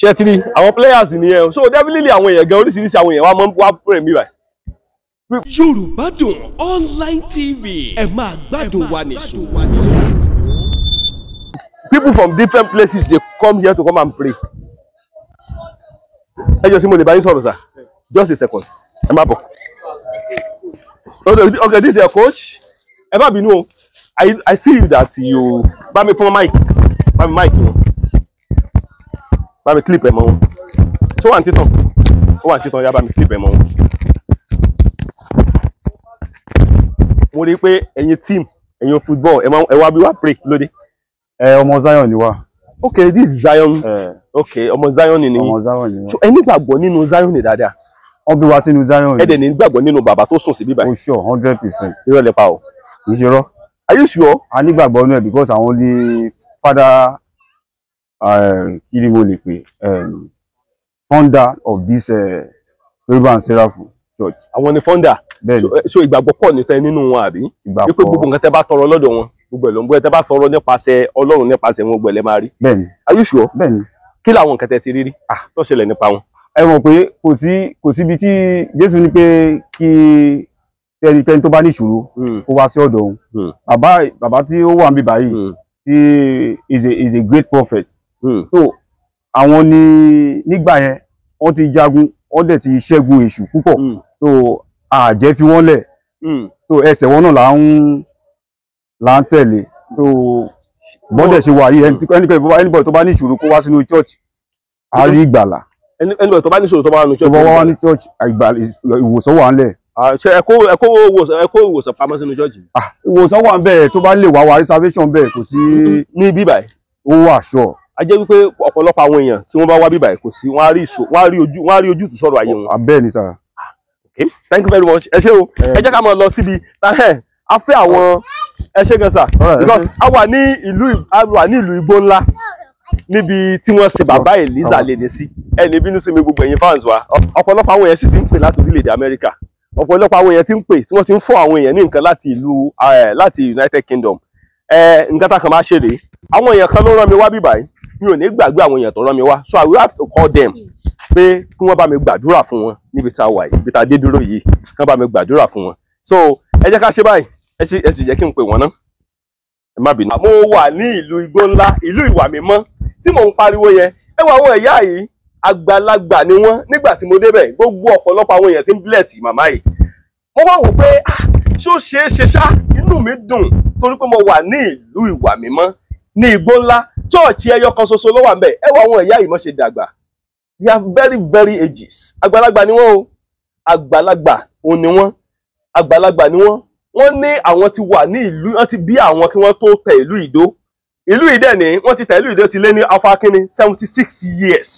ṣe ti àwọn players nìyẹn so definitely àwọn èèyàn gan oríṣiríṣi àwọn èèyàn wa máa ń wá pẹ̀lú mi báyìí. Yorùbá Dùn Online TV ẹ máa gbádùn wa nìṣó. people from different places dey come here to come and pray. ẹ jọ sí mo lè bá yín sọ̀rọ̀ sà just a second ẹ má bọ̀. okay this is your coach ẹ má bínú o I I see that you bá mi fún mic bá mi mic o. You know bá mi clip ẹ̀ mọ́ wọn ṣó wà ní títàn ó wà ní títàn yá bá mi clip ẹ̀ mọ́ wọn. mo rí i pé ẹ̀yin team ẹ̀yin football ẹ wá bí wá pray lóde. ẹ ọmọ Zion ni wá. ok this Zion eh. ok ọmọ Zion ni ni ẹ nígbàgbọ́ nínú Zion ni dáadáa wọn bí wa sínú zion yìí. ẹ dẹ̀ ní gbàgbọ́ nínú bàbá tó sùn sí bíbá yìí. o oh, sure hundred percent. irọ́ lẹ pa o. kì í ṣe rọ. are you sure. a nígbàgbọ́ nínú ẹ̀ because àwọn ní father Uh, kí ni mo lè pè um, founder of this uh, Yoruba and Seraph Church. àwọn ni founder eh, so ìgbàgbọ́ pọ̀ níta nínú wọn àbí wípé gbogbo nǹkan tẹ́ bá tọrọ lọ́dọ̀ wọn gbogbo ẹ̀ ló ń bọ́ ẹ tẹ́ bá tọrọ nípasẹ̀ Ọlọ́run nípasẹ̀ wọn gbogbo ẹ̀ lẹ́ máa rí. bẹ́ẹ̀ni are you sure. bẹ́ẹ̀ni kí làwọn nǹkan tẹ́ ti rí rí ah. tó ṣẹlẹ̀ nípa wọn. ẹ mọ̀ pé kò sí kò síbi tí Jésù ní pé kí ẹnikẹ́ni tó bá ní ìṣòro hmm. kó wá sí ọ̀dọ̀ òun hmm. bàbá bàbá tí ó wà níbí báyìí he hmm. is a great prophet Hmm. so àwọn ni nígbà yẹn wọ́n ti jagun wọ́n dẹ̀ ti ṣẹ́gun èṣù púpọ̀ hmm. so àjẹ́ fi wọ́n lẹ̀ hmm. so ẹsẹ̀ wọn náà là ń là ń tẹ̀lé so bọ́dẹ̀ ṣe wà yìí ẹnikẹ́ni tó bá ní ìṣòro kó wá sínú church a ìgbàlà. ẹnikẹ́ni tó bá ní ìṣòro tó bá wà ní church. tó bá wà ní church ìwòsàn wà ńlẹ̀. ṣe ẹ̀kọ́ ẹ̀kọ́ ìwòsàn pamọ́ sínú church. Ah, ìwòsàn wà ń bẹ̀ tó bá lè wá wá reservation bẹ́ẹ̀ kò sí. ní bíbáyìí. ó wà sure a jẹ́ wípé ọ̀pọ̀lọpọ̀ àwọn èèyàn tí wọ́n bá wá bíbà kò sí wọ́n á rí ìṣó wọ́n á rí ojú wọ́n á rí ojútùú sọ̀rọ̀ ayé wọn. abẹ́ẹ̀ ni okay thank you very much ẹ ṣé o eh. ẹ jẹ́ ká máa lọ síbi eh, a fẹ́ àwọn ẹ ṣé gan sà eh. because a wà ní ìlú a wà ní ìlú igbó ńlá níbi tí wọ́n ṣe bàbá Eliza oh. lèlè sí ẹni bínú sí mi gbogbo ẹ̀yin fans wa ọ̀pọ̀lọpọ̀ àwọn èèyàn sì ti ń pè láti orílẹ̀-èdè Amẹ́ríkà ọ̀pọ̀lọpọ̀ àwọn èèyàn ti ń pè tí wọ́n ti ń fọ́ àwọn èèyàn ní nǹkan láti ìlú láti United Kingdom nǹkan tá a kàn máa ṣe rèé àwọn èèyàn kan ló rán mi wá bíbáyìí mi ò ní gbàgbé àwọn èèyàn tó rán mi wá so i will have to call them pé kí wọ́n bá mi gbàdúrà fún wọn níbi tá a wà yìí níbi tá a dé dúró yìí kí wọ́n bá mi gbàdúrà fún wọn so ẹ jẹ́ ká ṣe báyìí ẹ sì jẹ́ kí n pè wọ́n ná ẹ má bínú. mo wà ní ìlú igbó ńlá ìlú ìwà mímọ́ tí mò ń pariwo yẹn ẹ wọ àwọn ẹ̀yà yìí àgbàlagbà ni wọ́n nígbà tí mo débẹ̀ gbogbo ọ̀pọ̀lọpọ̀ àwọn èèyàn ti ń bless màmá yìí mo wá wò pé ah, ṣé ó ṣeé ṣe ṣá inú mi dùn torí pé mo wà ní ìlú ìwà mímọ́ ní igbó ńlá Church, ẹyọ kan ṣoṣo ló wà ń bẹ̀ ẹ wo àwọn ẹ̀yà yìí mọ́ ṣe dàgbà they are very very ages àgbàlagbà ni wọ́n o àgbàlagbà òun ni wọ́n àgbàlagbà ni wọ́n wọ́n ní àwọn ti wà ní ìlú wọ́n ti bí àwọn kí wọ́n tó tẹ ìlú ìdó ìlú ìdẹ ni wọ́n ti tẹ ìlú ìdó ti lé ní afákínní seventy six years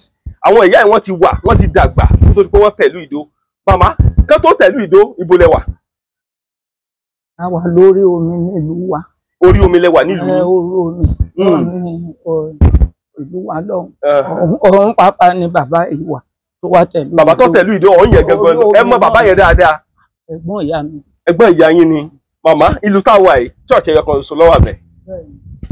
àwọn ìyá yìí wọ́n ti wà wọ́n ti dàgbà nítorí pé wọ́n tẹ ìlú ìdó màmá kán tó tẹ ìlú ìdó ibo lẹ wà. a wà lórí omi nílùú wa. orí omi lẹ wà nílùú. ẹ orí omi Hmm. olúwa lọ́hùn eh. òun pàápàá ni bàbá ìwà tó wá tẹ̀lú bàbá tó tẹ̀lú ìdó ọ̀hún yẹn gangan ẹ mọ bàbá yẹn dáadáa ẹ̀gbọ́n ìyá mi ẹ̀gbọ́n ìyá yín ni màmá ìlú táwa yìí church ẹyọ kan ṣoṣo ló wà bẹ́ẹ̀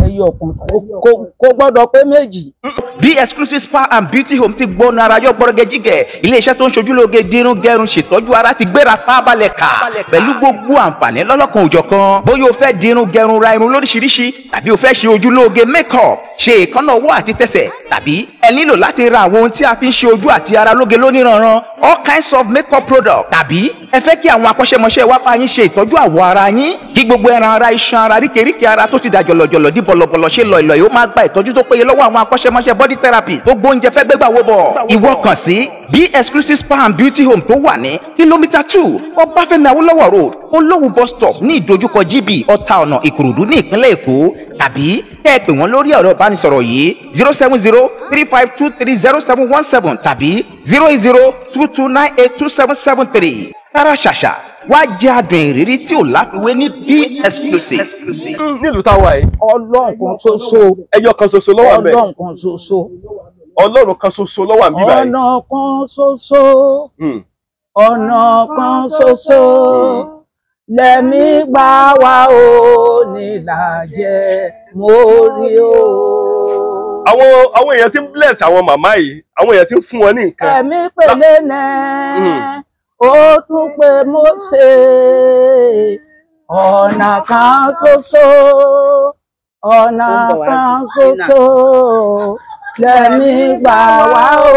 ẹyọ ọkùnrin kò gbọ́dọ̀ pé méjì. bí exclusive spa and beauty home ti gbóná ara yọ gbọ́rọ̀gẹ́ jígẹ̀ iléeṣẹ́ tó ń ṣojúlóge dirun gẹrun ṣètọ́jú ara ti gbéra fábalẹ̀ kà pẹ̀lú gbogbo àǹfààní lọ́lọ́kan òjọ̀kan bóyá o fẹ́ dirun gẹrun ra irun lóríṣiríṣi tàbí o fẹ́ ṣe ojúlóge makeup ṣe ìkọ́nà ọwọ́ àti tẹsẹ̀ tàbí ẹ nílò láti ra àwọn ohun tí a fi ń ṣe ojú àti ara lóge lóníranran all kinds of makeup products tàbí ẹ fẹ́ kí àwọn akọ́ṣẹ́mọṣẹ́ wá bá yín ṣe ìtọ́jú àwọ̀ ara yín kí gbogbo ẹran ara iṣan ara ríkèríkè ara tó ti dà jọ̀lọ̀jọ̀lọ̀ igi bọ̀lọ̀bọ̀lọ̀ ṣe lọ ìlọ yìí ó máa gba ìtọ́jú tó péye lọ́wọ́ àwọn akọ́ṣẹ́mọṣẹ́ body therapy gbogbo oúnjẹ fẹ́ gbégbà wo bọ̀ ìwọ kàn sí b exclusive spa and beauty home tó wà ní kìlómítà two ọbáfẹ́mi awólọ́wọ̀ road olówú bus stop ní ìdojúkọ gb ọ̀tà ọ̀nà ìkòròdú ní ìpínlẹ̀ èkó tàbí kẹ́ ẹ pè wọ́n lórí ẹ̀rọ ìbánisọ̀rọ̀ yìí zero seven zero three five two three zero seven one seven tàbí zero eight zero two two nine eight two seven seven three tààrà ṣàṣà wá jẹ́ àdùn ìrírí tí ò láfiwé ní B exclusive. Hmm, nílùú táwa yìí. ọlọ́run kan ṣoṣo. ẹyọ kan ṣoṣo ló wà ńbẹ̀. ọlọ́run kan ṣoṣo. ọlọ́run kan ṣoṣo ló wà ńbí báyìí. ọ̀nà kan ṣoṣo. Hmm. ọ̀nà kan ṣoṣo. Hmm. lẹ́mí gbà wá o nílàjẹ́ mo rí o àwọn àwọn èèyàn ti ń bless àwọn màmá yìí àwọn èèyàn ti ń fún wọn ní nǹkan. ẹ̀mí pèlè náà ó tún pé Mósè ọ̀nà kan ṣoṣo ọ̀nà kan ṣoṣo lẹ́mí gbà wá o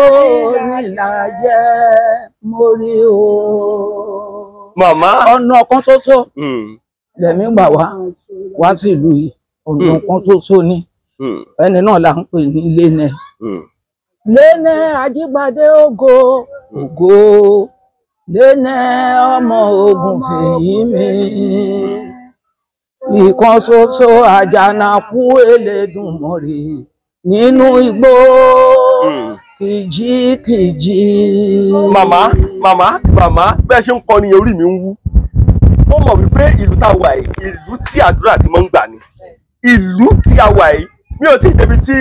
nílàjẹ́ mo rí o. màmá ọ̀nà kan ṣoṣo hmm. lẹ́mí gbà wá wá sí ìlú yìí ọ̀nà hmm. kan ṣoṣo ni hmm. ẹni náà là ń pè ní lẹ́nẹ̀ lẹ́nẹ̀ Ajíbádé ògo ògo lénẹ ọmọ ogun fèyí mi ìkan ṣoṣo àjànàkú Elédùmarè nínú igbó hmm. kìjikìji. màmá màmá màmá bẹ́ẹ̀ ṣe ń kọ ni orí mi ń wú ó mọ̀ wípé ìlú tá a wà yìí ìlú tí àdúrà ti máa ń gbà ni ìlú tí a wà yìí mi ò tí ì débi tí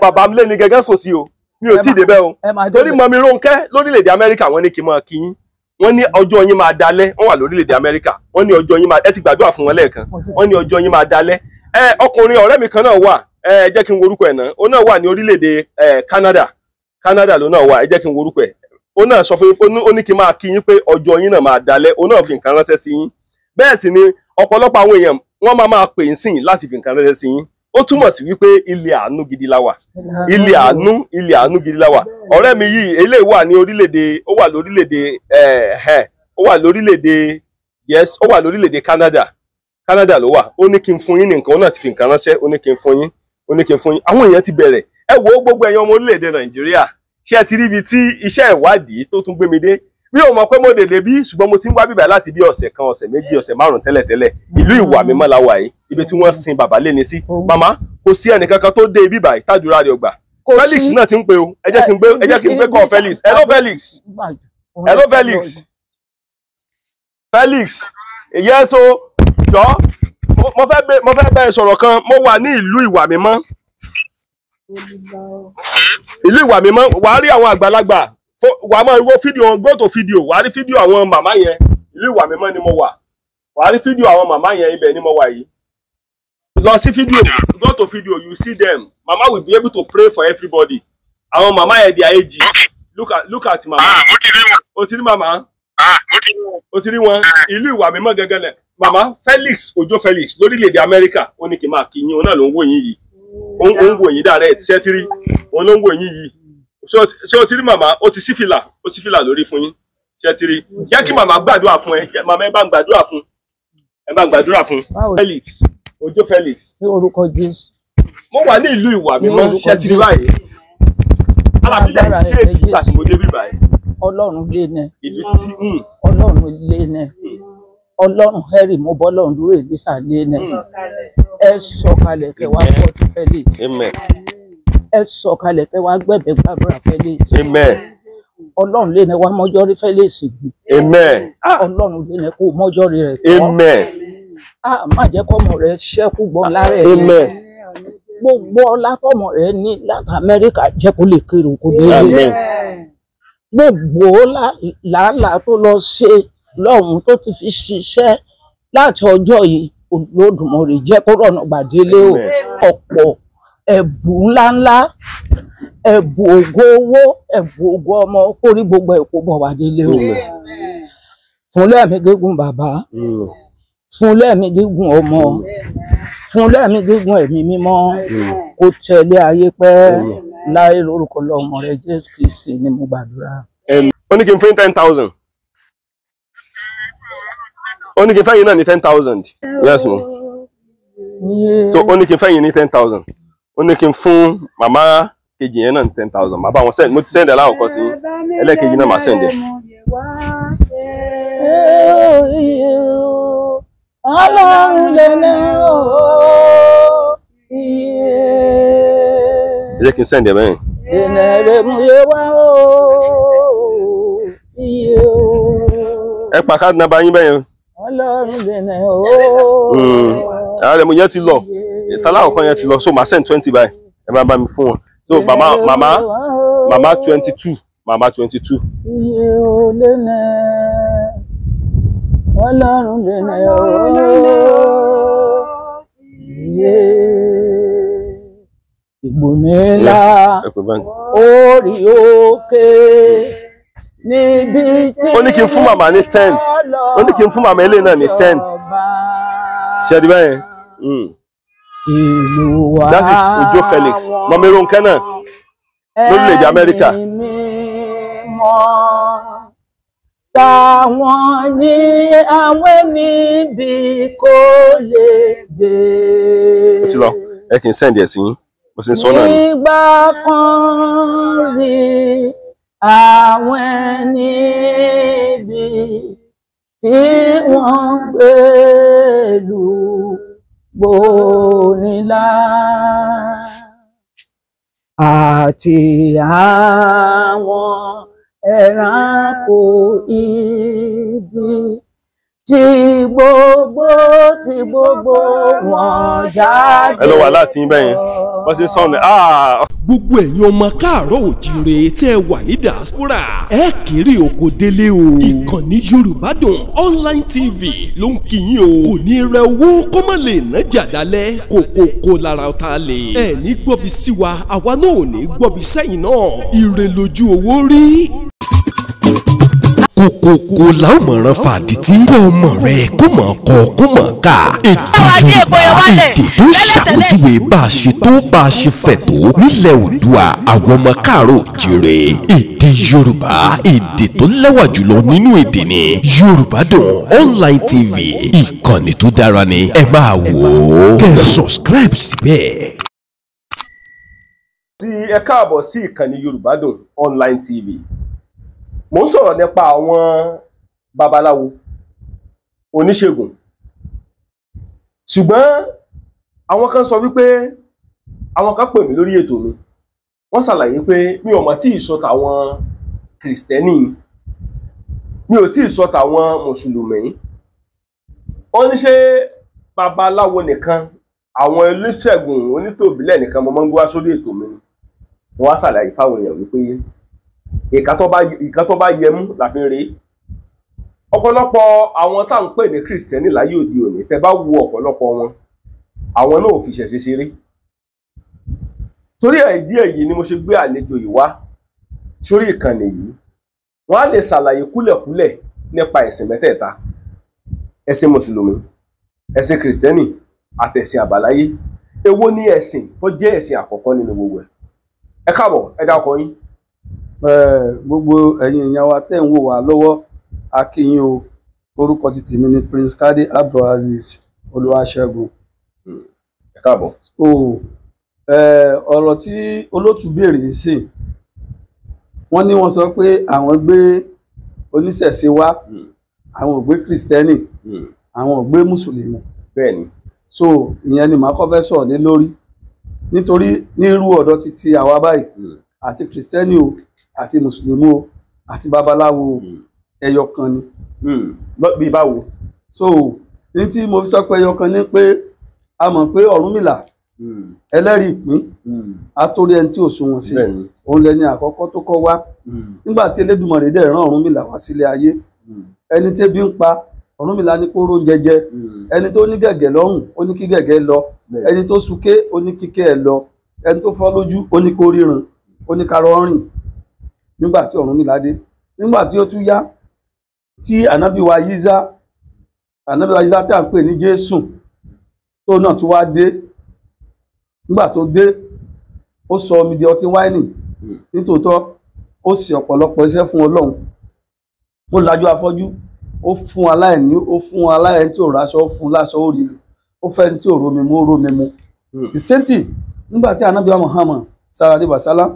bàbá mi lé ní gẹ́gẹ́ sòsí o mi ò tí ì débẹ̀ o torí mọ̀ mi Rónkẹ́ lórílẹ̀‐èdè Amẹ́ríkà wọ́n ní kí n mọ̀ kí yín wọ́n ní ọjọ́ yín máa dalẹ́ wọ́n wà lórílẹ̀‐èdè amẹ́ríkà wọ́n ní ọjọ́ yín máa ẹ ti gbàdúrà fún wọn lẹ́ẹ̀kan wọ́n ní ọjọ́ yín máa dalẹ́ ẹ ọkùnrin ọ̀rẹ́ mi kan náà wà ẹ jẹ́ kí n worúkọ ẹ̀ náà ó náà wà ní orílẹ̀‐èdè ẹ Canada Canada ló náà wà ẹ jẹ́ kí n worúkọ ẹ̀ ó náà sọ fún mi ó ní kí n máa kí yín pé ọjọ́ yín náà máa dalẹ́ ó náà fi nǹkan ránṣẹ́ sí yín bẹ́ẹ̀ sì ni ọ̀pọ̀lọpọ̀ àwọn èèyàn wọ́n máa máa pè ń sìn láti fi nǹkan ránṣẹ́ sí yín ó túmọ̀ sí wípé ilé àánú gidi la wà ilé àánú ilé àánú gidi la wà ọ̀rẹ́ mi yìí eléyìí wà ní orílẹ̀-èdè ó wà lórílẹ̀-èdè ẹ̀ ó wà lórílẹ̀-èdè yes ó wà lórílẹ̀-èdè Canada Canada ló wà ó ní kí n fún yín ní nǹkan ó náà ti fi nǹkan ránṣẹ́ ó ní kí n fún yín ó ní kí n fún yín àwọn èèyàn ti bẹ̀rẹ̀ ẹ wo gbogbo ẹ̀yin ọmọ orílẹ̀-èdè Nàìjíríà ṣé ẹ ti rí ibi tí iṣẹ́ ìwádìí tó tún gbé mi dé mi ò mọ̀ pé mo dèdè bí ṣùgbọ́n mo ti ń wá bíbá láti bí ọ̀sẹ̀ kan ọ̀sẹ̀ méjì ọ̀sẹ̀ márùn-ún tẹ́lẹ̀tẹ́lẹ̀ ìlú ìwà mímọ́ la wà yìí ibi tí wọ́n sin bàbá léni sí oh. màmá kò sí ẹnìkankan tó dé bíbá yìí tájúra rẹ̀ ọgbà Felix náà ti ń pe o ẹ kí n gbé ẹ kí n gbé kọ́ Felix hello Felix hello Felix Felix ìyẹn so jọ mo fẹ́ bẹ mo fẹ́ bẹ sọ̀rọ̀ kan mo wà ní ìlú ìwà mímọ́ ìlú ìwà mímọ́ wàá rí àwọn àgbàlagbà wà á máa wo fídíò wọn gbọ́dọ̀ fídíò wà á rí fídíò àwọn màmá yẹn ìlú ìwà mímọ́ ni mo wà wà á rí fídíò àwọn màmá yẹn ibẹ̀ ni mo wà yìí lọ sí fídíò gbọ́dọ̀ fídíò you see them mama will be able to pray for everybody àwọn màmá yẹn di àyèjì look at look at mama ah, o ti rí màmá ah, o ti rí wọn ah. ìlú ìwà mímọ́ gẹ́gẹ́ lẹ̀ màmá Felix Ojo Felix lórílẹ̀‐èdè Amẹ́ríkà ó ní kí n máa kí yín òun náà ló ń wò yín yìí òun ń wò yín dáadáa ẹ̀ tíṣẹ́ tírí òun ló ń wò yín yìí ṣé o ti rí màmá o ti sí fìlà o ti fìlà lórí fún yín ṣé ti rí jẹ́ kí màmá gbàdúrà fún ẹ màmá ẹ bá ń gbàdúrà fún ẹ bá ń gbàdúrà fún Felix Ojo Felix. ṣé orúkọ Jésù. mo wà ní ìlú ìwà mímọ́ ṣé ti rí báyìí alábídà ṣé èdè tàbí mo débí báyìí. Ọlọ́run lé nẹ hmm. Ọlọ́run lé nẹ hmm. Ọlọ́run hẹ́rì mo bọ́ lọ́run dúró èlísà lé nẹ hmm. ẹ sọ̀kalẹ̀ kẹwàá Felix. Amen ẹ sọ̀kalẹ̀ kẹ́ wá gbẹ̀bẹ̀ gbàdúrà fẹ́lẹ́ ìsìn. amen. ọlọ́run lè ní wá mọ́jọ́ rí fẹ́lẹ́ ìsìn gùn. amen. lè ní kó mọ́jọ́ rí rẹ̀ tọ́. amen. má jẹ́ rẹ ṣẹ́kù gbọ́n lára ẹ̀. amen. gbogbo ọlá rẹ ní láti amẹ́ríkà jẹ́ kó lè kéré oko délé. gbogbo làálàá tó lọ ṣe lọ́hùn tó ti fi ṣiṣẹ́ láti ọjọ́ yìí Olódùmarè jẹ́ kó rọ̀nà gbàdélé ọ̀pọ̀ ẹ̀bùn ńláńlá ẹ̀bùn ògo owó ẹ̀bùn ògo ọmọ kórí gbogbo ẹ̀kọ́ bọ̀ wá délé o fún lẹ́ẹ̀mí gígùn bàbá mm. fún lẹ́ẹ̀mí gígùn ọmọ fún lẹ́ẹ̀mí gígùn ẹ̀mí mímọ́ mm. kó tẹ̀lé ayé pẹ́ láì lórúkọ lọ́mọ rẹ Jésù Kristi ni mo gbàdúrà. ó ní kí n fún ten thousand ó ní kí n fẹ́yìn náà ní ten thousand yes mo so ó ní kí n fẹ́yìn ní ten thousand ó ní kí n fún màmá kejì yẹn náà ten thousand màá bá wọn send mo ti send ẹ láwọn kan sí ẹlẹ́ẹ̀kejì náà màá send ẹ. ọlọ́run lè ní o. ẹ jẹ́ kí n send ẹ bẹ́yìn. ìnẹ̀rẹ̀ mú yé wá o. ẹ pa káàdì náà bá yín bẹ́yìn. ọlọ́run lè ní o. Hmm. ààrẹ mo yẹ ti lọ. Yeah taláwọ̀kọ́ yẹn ti lọ so màá send twenty báyìí ẹ bá bá mi fún wọn so mama, mama, mama twenty two mama twenty two. iye ò lè nẹ ọlọ́run lè nẹ ooo iye ìgbóni orí òkè níbi tí ó ní kí n fún màmá ní ten ó ní kí n fún màmá eléyìí náà ní ten ṣe é di báyẹn that is Ojo Felix mọ̀mírúnkẹ́ náà lórílẹ̀‐èdè America. ẹ̀mí mímọ́ táwọn ní àwọn níbi kò lè dé. ó ti lọ ẹ kì í sẹ́ǹdì ẹ̀ sí yín mo sì ń sọ náà ni. nígbà kan rí àwọn níbi tí wọ́n gbèlú nílá àti àwọn ẹranko ibi tí gbogbo tí gbogbo wọn jáde. ẹ lọ wà láti yín bẹ́yẹn wọ́n ṣe sọ̀nù. Ah! gbogbo ẹ̀yin ọmọ káàárọ̀ òjìire tẹ́ ẹ wà ní diaspora ẹ kéré oko délé o. ìkànnì yorùbá dùn online tv ló ń kíyìn o. kò ní rẹ owó kó má lè ná jàdálẹ̀ kókókó lára ọ̀tá lè. ẹ ní gbọ́bi sí wa àwa náà ò ní gbọ́bi sẹ́yìn náà. ire lójú owó rí kókókókó la ó mọ̀ ràn fàdítì kó o mọ̀ rẹ kó mọ̀ kọ kó mọ̀ ká èdè Yorùbá èdè tó ṣàpèjúwe bá a ṣe tó bá a ṣe fẹ̀ tó nílẹ̀ Oòduà àwọn ọmọ káàárọ̀ òjíire èdè Yorùbá èdè tó lẹ́wà jùlọ nínú èdè ni Yorùbá Dùn Online TV ìkànnì tó dára ni ẹ máa wò ó kẹ́ ẹ subscribe síbẹ̀ tí ẹ káàbọ̀ sí ìkànnì Yorùbá Dùn Online TV mò ń sọ̀rọ̀ nípa àwọn babaláwo oníṣègùn ṣùgbọ́n àwọn kan sọ wípé àwọn kan pè mí lórí ètò mi wọ́n ṣàlàyé pé mi ò mọ̀ tí ì sọ tàwọn kìrìsìtẹ́nì mi ò tí ì sọ tàwọn mùsùlùmí wọ́n ní ṣé babaláwo nìkan àwọn oníṣègùn onítòbílẹ̀ nìkan mo máa ń gbé wá sórí ètò mi ni wọ́n wá ṣàlàyé fáwọn èèyàn wípé ìkan tó bá yẹ mú la fi ń rèé ọ̀pọ̀lọpọ̀ àwọn tá à ń pè ní kìrìsìtẹ́nì láyé òde òní tẹ bá wo ọ̀pọ̀lọpọ̀ wọn àwọn náà ò fi ṣẹ̀ṣẹ̀ ṣeré torí ìdí èyí ni mo ṣe gbé àlejò yìí wá sórí ìkànnì yìí wọ́n á lè ṣàlàyé kúlẹ̀kúlẹ̀ nípa ẹ̀sìn mẹ́tẹ̀ẹ̀ta ẹ̀sìn mùsùlùmí ẹ̀sìn kìrìsìtẹ́nì àtẹ̀sìn àbáláyé èwo ni ẹ̀sìn tó jẹ́ ẹ̀sìn àkọ́kọ́ nínú gbogbo ẹ̀ ẹ káàbọ̀ ẹ dá ọkọ yín gbogbo ẹ̀yin èèyàn wa tẹ́ ń wò wá lọ́wọ́ a kí yín o orúkọ ti tèmi ni Prince Kade Abdulazeez Olúwaṣẹ́gun. ẹ káàbọ̀. o ọ̀rọ̀ tí olótú béèrè ń sìn wọ́n ní wọ́n sọ pé àwọn gbé oníṣẹ̀ṣe wá hmm. àwọn ò gbé kristẹni hmm. àwọn ò gbé mùsùlùmí. bẹ́ẹ̀ni. so ìyẹn ni màá kọ́ fẹ́ sọ̀rọ̀ lé lórí nítorí nírú ọ̀dọ́ títí àwa báyìí hmm. àti kristẹni o àti mùsùlùmí o àti babaláwo hmm. ẹyọ kan ni hmm. bí báwo so ní tí mo fi sọ pé ẹyọ kan ni pé a mọ̀ pé Ọ̀rúnmìlà hmm. ẹlẹ́rìí ìpín àtòrí ẹni tí ò sunwọ̀n sí òun lẹni àkọ́kọ́ tó kọ́ wá nígbà tí Elédùmarè dẹ̀ rán Ọ̀rúnmìlà wá sílé ayé ẹni tẹ́bi ń pa Ọ̀rúnmìlà ní kóró jẹjẹ ẹni tó ní gẹ̀gẹ̀ lọ́rùn ó ní kí gẹ̀gẹ̀ lọ ẹni tó súké ó ní kíké ẹ̀ lọ ẹni tó fọ́ lójú ó ní kó ríran ó ní karọ́ rìn nígbà tí Ọ̀rúnmìlà dé nígbà tí ó tún yá tí ànábìwá yíza ànábìwá yíza tí à ń pè ní Jésù tó náà tún wá dé nígbà tó dé ó sọ omi di ọtí wáìnì hmm. nítòótọ́ ó sì ọ̀pọ̀lọpọ̀ iṣẹ́ fún Ọlọ́run ó lajú afọ́jú ó fún aláìní ó fún aláìní tí ò ráṣọ ó fún láṣọ ó rí ó fẹ́ ní tí ò romi mu ó romi mu hmm. the same nígbà tí anabiwa Muhammad sallallahu alaihi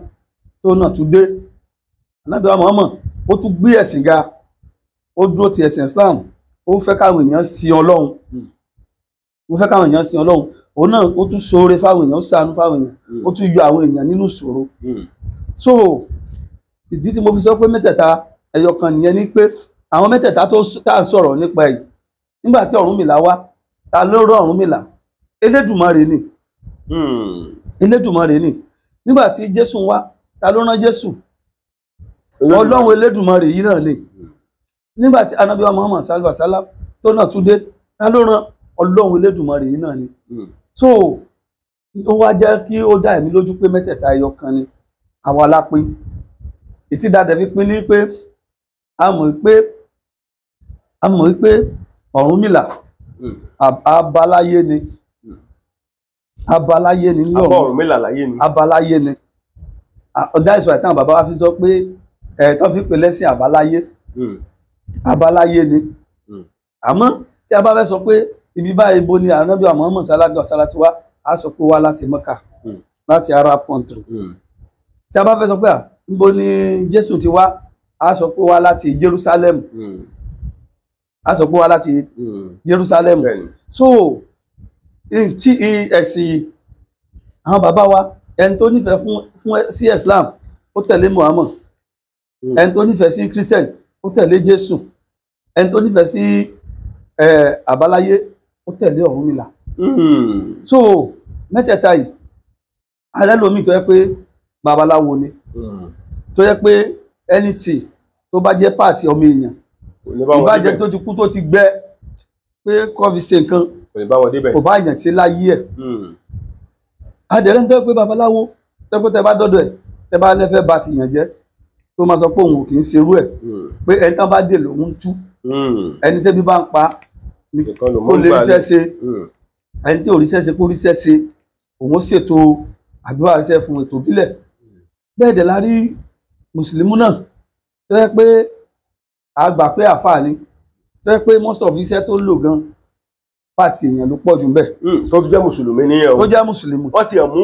tó náà tún dé anábìá Muhammad ó tún gbé ẹ̀sìn ga ó dúró ti ẹ̀sìn Islam ó fẹ́ káwọn èèyàn sin Ọlọ́run ó fẹ́ káwọn èèyàn sin Ọlọ́run òun náà ó tún ṣoore fáwọn èèyàn ó ṣàánú fáwọn èèyàn ó tún yọ àwọn èèyàn nínú ìṣòro so ìdí tí mo fi sọ pé mẹ́tẹ̀ẹ̀ta ẹyọ kan nìyẹn ni pé àwọn mẹ́tẹ̀ẹ̀ta tó tá à ń sọ̀rọ̀ nípa ẹ̀ nígbà tí Ọ̀rúnmìlà wá ta ló rán Ọ̀rúnmìlà Elédùmarè ni hmm. Elédùmarè ni nígbà tí Jésù wá ta ló rán Jésù ìwọ ọlọ́run elédùnmarè yìí náà ni nígbà tí anabi wa muhammad salva salam tó náà tún dé ta ló ran ọlọ́run elédùnmarè yìí náà ni hmm. so ó wá jẹ́ kí ó dá èmi lójú pé mẹ́tẹ̀ẹ̀ta ẹyọ kan ni àwa la pín ìtí dáadáa fi pín ní pé a mọ̀ pé a mọ̀ pé ọ̀rúnmìlà hmm. abaláyé ni hmm. abaláyé ni ní ọ̀run abaláyé ni ah, that is why táwọn bàbá wa fi sọ pé ẹ̀ tó fi pè lẹ́sìn àbáláyé hmm. àbáláyé ni hmm. àmọ́ tí a bá fẹ́ sọ pé ibi báyìí bo ni ànábì Muhammad sáládùn àsálàtì wa a sọ pé wá láti Mẹ́kà hmm. láti Arab country tí a bá fẹ́ sọ pé à níbo ni Jésù ti wá a sọ pé wá láti Jerusalem a sọ pé wá láti Jerusalem so tí ẹ̀sìn àwọn bàbá wa ẹni tó nífẹ̀ẹ́ fún sí Islam ó tẹ̀lé Muhammad. Mm. ẹni tó nífẹ̀ẹ́ sí christian ó tẹ̀lé jésù ẹni tó nífẹ̀ẹ́ sí àbáláyé ó tẹ̀lé ọ̀rúnmìlà mm. so mẹ́tẹ̀ẹ̀ta yìí ààrẹ lomi tó yẹ pé babaláwo ni mm. tó yẹ pé ẹni tí tó bá jẹ́ páàtì ọmọ èèyàn ìbàjẹ́ tó ti kú tó ti gbẹ pé kọ́ fi ṣe nǹkan kò bá yàn sí láyé ẹ̀ adẹ̀rẹ́ ń tẹ́ pé babaláwo tẹ́pẹ́tẹ́ bá dọ́dọ̀ ẹ̀ tẹ́ bá lẹ́fẹ́ bá ti yàn jẹ́ tó máa sọ pé òun ò kì í ṣerú ẹ̀ hmm. pé ẹni tán bá dè lòun tú hmm. ẹni tẹ́bí bá ń pa kó lè ríṣẹ́ ṣe hmm. ẹni tí ò ríṣẹ́ ṣe kó ríṣẹ́ ṣe òun ó ṣètò àdúrà iṣẹ́ fún ètò ìbílẹ̀ bẹ́ẹ̀ dẹ̀ la rí mùsùlùmí náà tó yẹ pé a gbà pé àfáà ni tó yẹ pé most of iṣẹ́ tó lò gan pàtì èèyàn ló pọ̀ jù mbẹ̀. tó jẹ́ mùsùlùmí nìyẹn o tó jẹ́ mùsùlùmí. wọ́n ti mú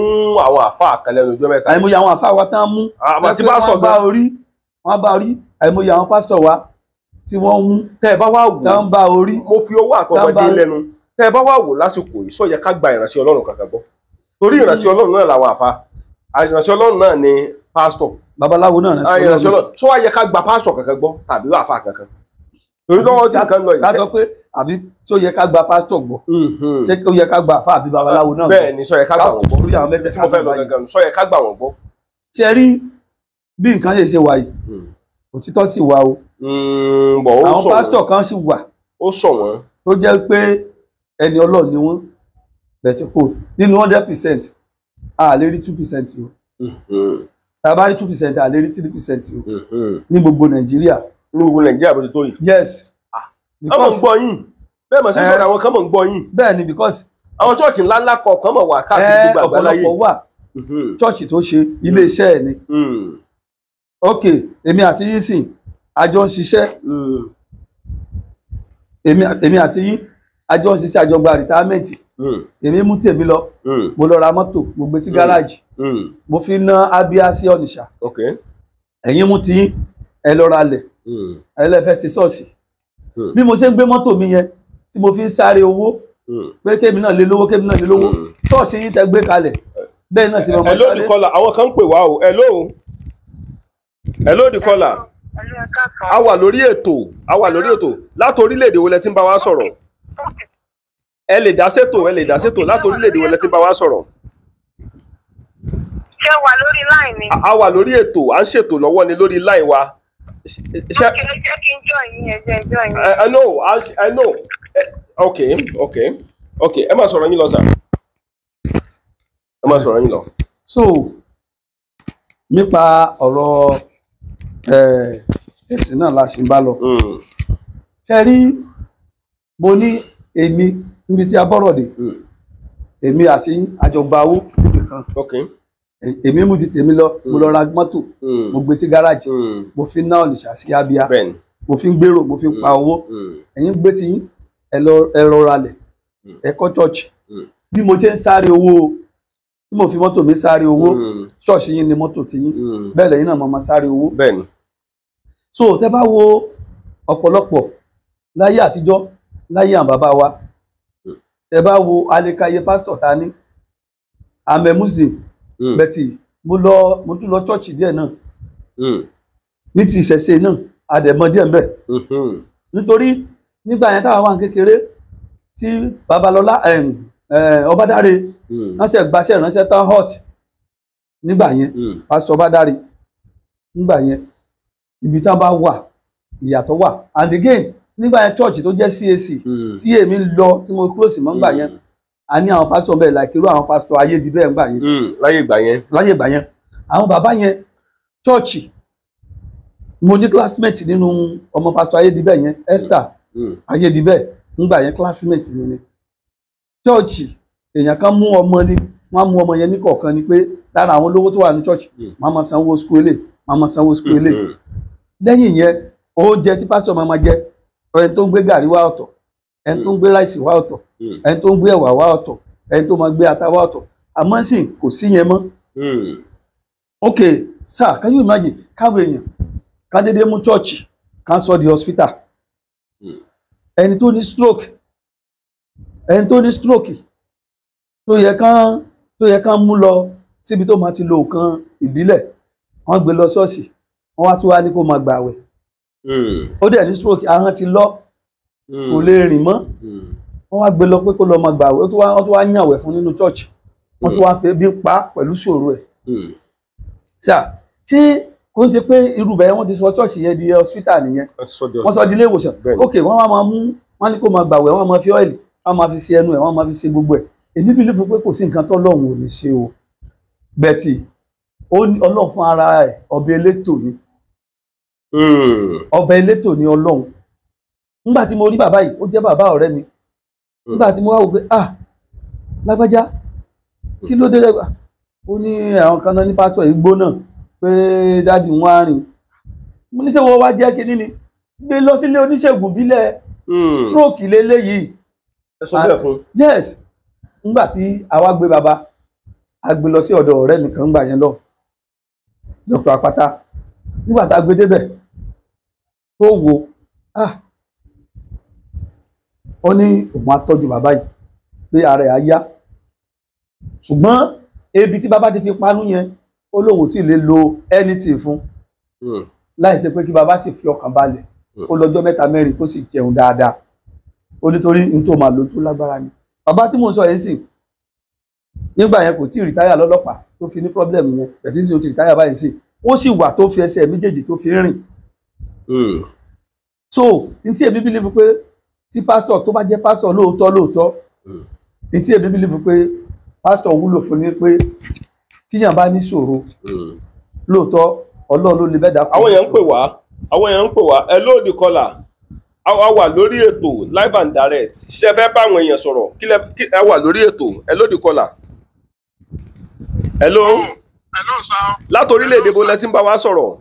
àwọn àfáà kan lẹ́nu ọjọ́ mẹ́ta. àìmọye àwọn àfáà wa tán mú. àmọ́ tí pásítọ̀ gan wọ́n bá rí àìmọye àwọn pásítọ̀ wa tí wọ́n ń tẹ́ ẹ bá wà wò tán bá orí. mo fi owó àtọwọ́dé lẹ́nu tẹ́ ẹ bá wà wò lásìkò yìí sọ yẹ ká gba ìránṣẹ́ Ọlọ́run kankan gbọ́ torí ìránṣẹ́ Ọlọ́run náà làwọn àfa ìránṣẹ́ Ọlọ́run náà ni pásítọ̀. babaláwo náà ní ìránṣẹ́ Ọlọ́run sọ wá yẹ ká gba pásítọ̀ kankan gbọ́ tàbí àfa kankan torí lọ́wọ́ tí nǹkan lọ yìí. ká pé àbí tó yẹ ká gba pásítọ̀ bí nǹkan ṣe ṣe wà yìí hmm. òtítọ́ sì wà o hmm, àwọn pásítọ̀ kan sì wà tó jẹ́ pé ẹni ọlọ́run ni wọ́n bẹ̀tẹ̀ kò nínú hundred percent a lè rí two percent o hmm. tá rí two percent a lè rí three percent o ní gbogbo nàìjíríà. ní gbogbo nàìjíríà bó tó yìí. yes. Ah. ọmọ ń gbọ́ yín bẹ́ẹ̀ mọ̀ sí sọ̀rọ̀ eh. àwọn kan mọ̀ ń gbọ́ yín. bẹ́ẹ̀ because. àwọn chọ́ọ̀chì ńláńlá kọ̀ọ̀kan mọ̀ wà káàkiri gbogbo eh, àgbáláyé. ọ̀pọ̀lọpọ̀ wà chọ́ọ̀chì tó ṣe iléeṣẹ́ ẹ̀ ni ok èmi àti yín sìn àjọ ń ṣiṣẹ́ hmm. èmi àti yín àjọ ń ṣiṣẹ́ àjọ gba retirement hmm. èmi mú tèmi lọ hmm. mo lọ ra mọ́tò mo gbé sí gáràjì mo fi ná abia sí Onitsha ẹ̀yin mú tiyín ẹ lọ ra lẹ̀ ẹ lẹ́ fẹ́ ṣe ṣọ́ọ̀ṣì bí mo ṣe ń gbé mọ́tò mi yẹn tí mo fi ń sáré owó pé kémi náà lé lówó kémi náà lé lówó ṣọ́ọ̀ṣì yín tẹ́ gbé kalẹ̀ bẹ́ẹ̀ náà sì lọ́mọ sáré. ẹ ló kọlà àwọn kan ń pè wá o ẹ lóhùn hello the caller a wà lórí ètò a wà lórí ètò láti orílẹ̀-èdè wo lẹ ti ń bá wa sọ̀rọ̀ ẹ lè dá sétò ẹ lè dá sétò láti orílẹ̀-èdè wo lẹ ti ń bá wa sọ̀rọ̀. ṣé wà lórí line ni. a wà lórí ètò à ń ṣètò lọ́wọ́ ni lórí line wa. ṣé kí n jọ yín ẹ jẹ́ jọ yín. I know I know okay okay okay ẹ máa sọ̀rọ̀ yín lọ sà ẹ máa sọ̀rọ̀ yín lọ. so nípa ọ̀rọ̀ ẹ̀sìn náà la ṣe ń bá lọ. Hmm. ṣe rí mo ní èmi níbi tí a bọ́rọ̀ dé hmm. èmi àti àjọgbà owó níbi kan èmi mú ti tèmi lọ mo lọ hmm. ra mọ́tò mo gbé sí gáràjì mo fi ná ọ̀nìṣà sí abia mo fi ń gbèrò mo fi ń pa owó ẹ̀yin gbé ti ẹ lọ ralẹ̀ ẹ kọ́ chọ́ọ̀chì bí mo ṣe ń sáré owó tí mo fi mọ́tò mi sáré owó. Mm ṣọ́ọ̀ṣì yín ni mọ́tò ti yín hmm. bẹ́ẹ̀ lẹ́yìn náà mọ̀mọ́ sáré owó. bẹ́ẹ̀ni. so tẹ bá wo ọ̀pọ̀lọpọ̀ láyé àtijọ́ láyé àwọn bàbá wa hmm. tẹ bá wo alekaye pásítọ̀ ta ní amẹ muslim hmm. bẹ́tì mo lọ mo tún lọ ṣọ́ọ̀ṣì díẹ̀ náà ní ti ìṣẹ̀ṣe náà àdẹ̀mọ díẹ̀ ńbẹ̀ nítorí nígbà yẹn táwa wà kékeré tí babalọlá ọbadáre ránṣẹ́ gbaṣẹ́ ránṣẹ́ tán hot. Mm nígbà yẹn pásítọ̀ bá dárí nígbà yẹn ibi tá a bá wà ìyàtọ̀ wà and again nígbà yẹn church tó jẹ́ CAC hmm. tí èmi ń lọ tí mo close mọ́ ngbà yẹn hmm. a ní àwọn pásítọ̀ bẹ́ẹ̀ láì kírú àwọn pásítọ̀ ayé di bẹ́ẹ̀ ngbà yẹn. Hmm. láyé ìgbà yẹn. láyé ìgbà yẹn àwọn bàbá yẹn church mo ní classmate nínú ọmọ pásítọ̀ ayé di bẹ́ẹ̀ yẹn Esther ayé di bẹ́ẹ̀ ngbà yẹn classmate mi ni church èèyàn kan mú ọmọ ni wọ́n á mú ọmọ yẹn ní kọ̀ọ̀kan ni pé lára àwọn olówó tó wà ní church hmm. máa ma sanwó school ilé máa ma sanwó school ilé hmm. lẹ́yìn yẹn oúnjẹ tí pásítọ̀ máa ma jẹ ẹni tó ń gbé gàrí wá ọ̀tọ̀ ẹni tó ń gbé ráìsì wá ọ̀tọ̀ hmm. ẹni tó ń gbé ẹ̀wà wá ọ̀tọ̀ ẹni tó máa gbé ata wá ọ̀tọ̀ àmọ́ sì kò sí yẹn mọ́ ok sir can you imagine káwọn èèyàn kan dédé mú church kan sọ di hospital ẹni tó ní stroke ẹni tó ní stroke tó yẹ kán tó yẹ kán mú lọ síbi tó máa ti lo nǹkan ìbílẹ̀ wọ́n gbé lọ ṣọ́ọ̀ṣì wọ́n wá tún wá ní kó máa gbààwẹ̀ hmm. ó dẹ̀ ní stroke ahọ́n ti lọ hmm. kò lè rìn mọ́ hmm. wọ́n wá gbé lọ pé kó lọ máa gbààwẹ̀ wọ́n tún wá yànwẹ̀ fún nínú church wọ́n tún wá fẹ́ bí pa pẹ̀lú ṣòro ẹ̀ sà ṣé kò ń ṣe pé irú bẹ́ẹ̀ wọ́n ti sọ church yẹn di hospital nìyẹn wọ́n sọ di ilé ìwòsàn ok wọ́n wá máa mú wọ́n ní kó máa gbààwẹ̀ wọ́n máa fi ọ́ìlì wọ́n máa fi ṣe ẹnu ẹ̀ wọ́n máa fi ṣe gbogbo ẹ̀ èmi bí ló fún pé kò sí nǹkan tọ́lọ́run ò lè ṣe o bẹ́tì ọlọ́run fún ara ẹ̀ ọbẹ̀ elétò ni hmm. ọbẹ̀ elétò ni ọlọ́run nígbà tí mo rí bàbá yìí ó jẹ́ bàbá ọ̀rẹ́ mi hmm. nígbà tí mo wá wò pé ah lágbájá kí ló dé lẹ́gbàá ó ní àwọn kan náà ní pásítọ̀ yìí gbóná pé dáàdì wọn á rìn mo ní sẹ́wọ́n wá jẹ́ kínní ni gbé lọ sílé oníṣègùn bílẹ̀ hmm. stroke lélẹ́yìí. ẹ sọ bẹ́ẹ̀ fún. yes nígbà tí àwa gbé bàbá a gbé lọ sí ọ̀dọ̀ ọ̀rẹ́ mi kan gbà yẹn dr apata nígbà tá a gbé débẹ̀ wo ah oni ní òun baba tọ́jú bàbá yìí pé ara ẹ̀ á yá ṣùgbọ́n ebi tí bàbá ti fi panú yẹn ó lóun tí lè lo anything fún hmm. láì ṣe pé kí bàbá sì fi ọkàn balẹ̀ hmm. ó lọ́jọ́ mẹ́ta mẹ́rin kó sì jẹun dáadáa ó nítorí n tó máa lò tó lágbára ni bàbá tí mò ń sọ yìí sì nígbà yẹn kò tí ì rìtáyà lọ́lọ́pàá tó fi ní problem yẹn bẹ̀tí sì ó ti rìtáyà báyìí sí ó sì wà tó fi ẹsẹ̀ méjèèjì tó fi rìn. Hmm. so ní tí èmi bílífù pé tí pásítọ̀ tó bá jẹ́ pásítọ̀ lóòótọ́ lóòótọ́ hmm. ní tí èmi bílífù pé pásítọ̀ wúlò fún ni pé tíyàn bá ní ṣòro hmm. lóòótọ́ ọlọ́run ló lè bẹ́ẹ̀ dá. àwọn yẹn ń pè wá àwọn yẹn ń pè wá ẹ lóòdì kọlà. àwa wà lórí ètò live and direct ṣe fẹ́ bá àwọn èèyàn sọ̀rọ̀ kí ẹ wà lórí ètò ẹ lódì kọlà. hello. hello orílẹ̀-èdè bó lẹ ti ń bá wa sọ̀rọ̀.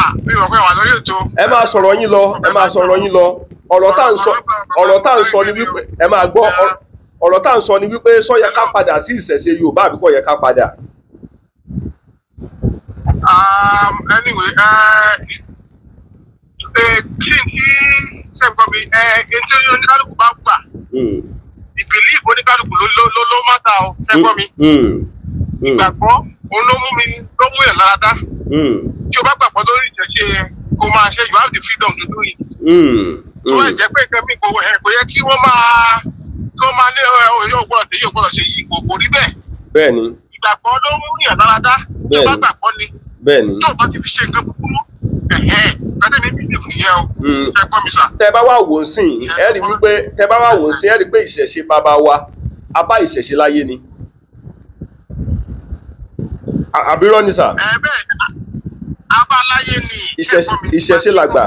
ah mi ò pẹ́ wà lórí ètò. ẹ máa sọ̀rọ̀ yín lọ ẹ máa sọ̀rọ̀ yín lọ ọ̀rọ̀ tá à ń sọ ni wípé ẹ máa gbọ́ ọ̀rọ̀ tá à ń sọ ni wípé sọ yẹ ká padà sí ìṣẹ̀ṣe Yorùbá àbí kò yẹ ká padà. Um, anyway uh, kí kí sẹ́gbọ́n mi ètò oníkálukú bá gbà hmm. ìbílí oníkálukú ló ló má ta ọ sẹ́gbọ́n mi hmm. Hmm. ìgbàgbọ́ òun mi ló mú yàn lára dá tí o bá gbàgbọ́ lórí ìjọṣe kò máa ṣe you have the freedom to do it tó wà jẹ́ pé nǹkan mi kò kò yẹ kí wọ́n máa kí wọ́n máa ní ọyọ́ ògbọ́dọ̀ tó yẹ ògbọ́dọ̀ ṣe yìí kò kò rí bẹ́ẹ̀ bẹ́ẹ̀ ìgbàgbọ́ ló mú yàn lára dá tó bá gbàgbọ́ ni tó bá ti fi ṣe nǹkan búburú ẹ̀hẹ́ ẹtí mm. tẹ bá wà wò ó sìn ẹ rí wípé tẹ bá wà wò ó ẹ rí pé ìṣẹ̀ṣe bàbá wa apá ìṣẹ̀ṣe láyé ni àbírọ́ ni sà. ẹ bẹ́ẹ̀ ni ìṣẹ̀ṣe làgbà.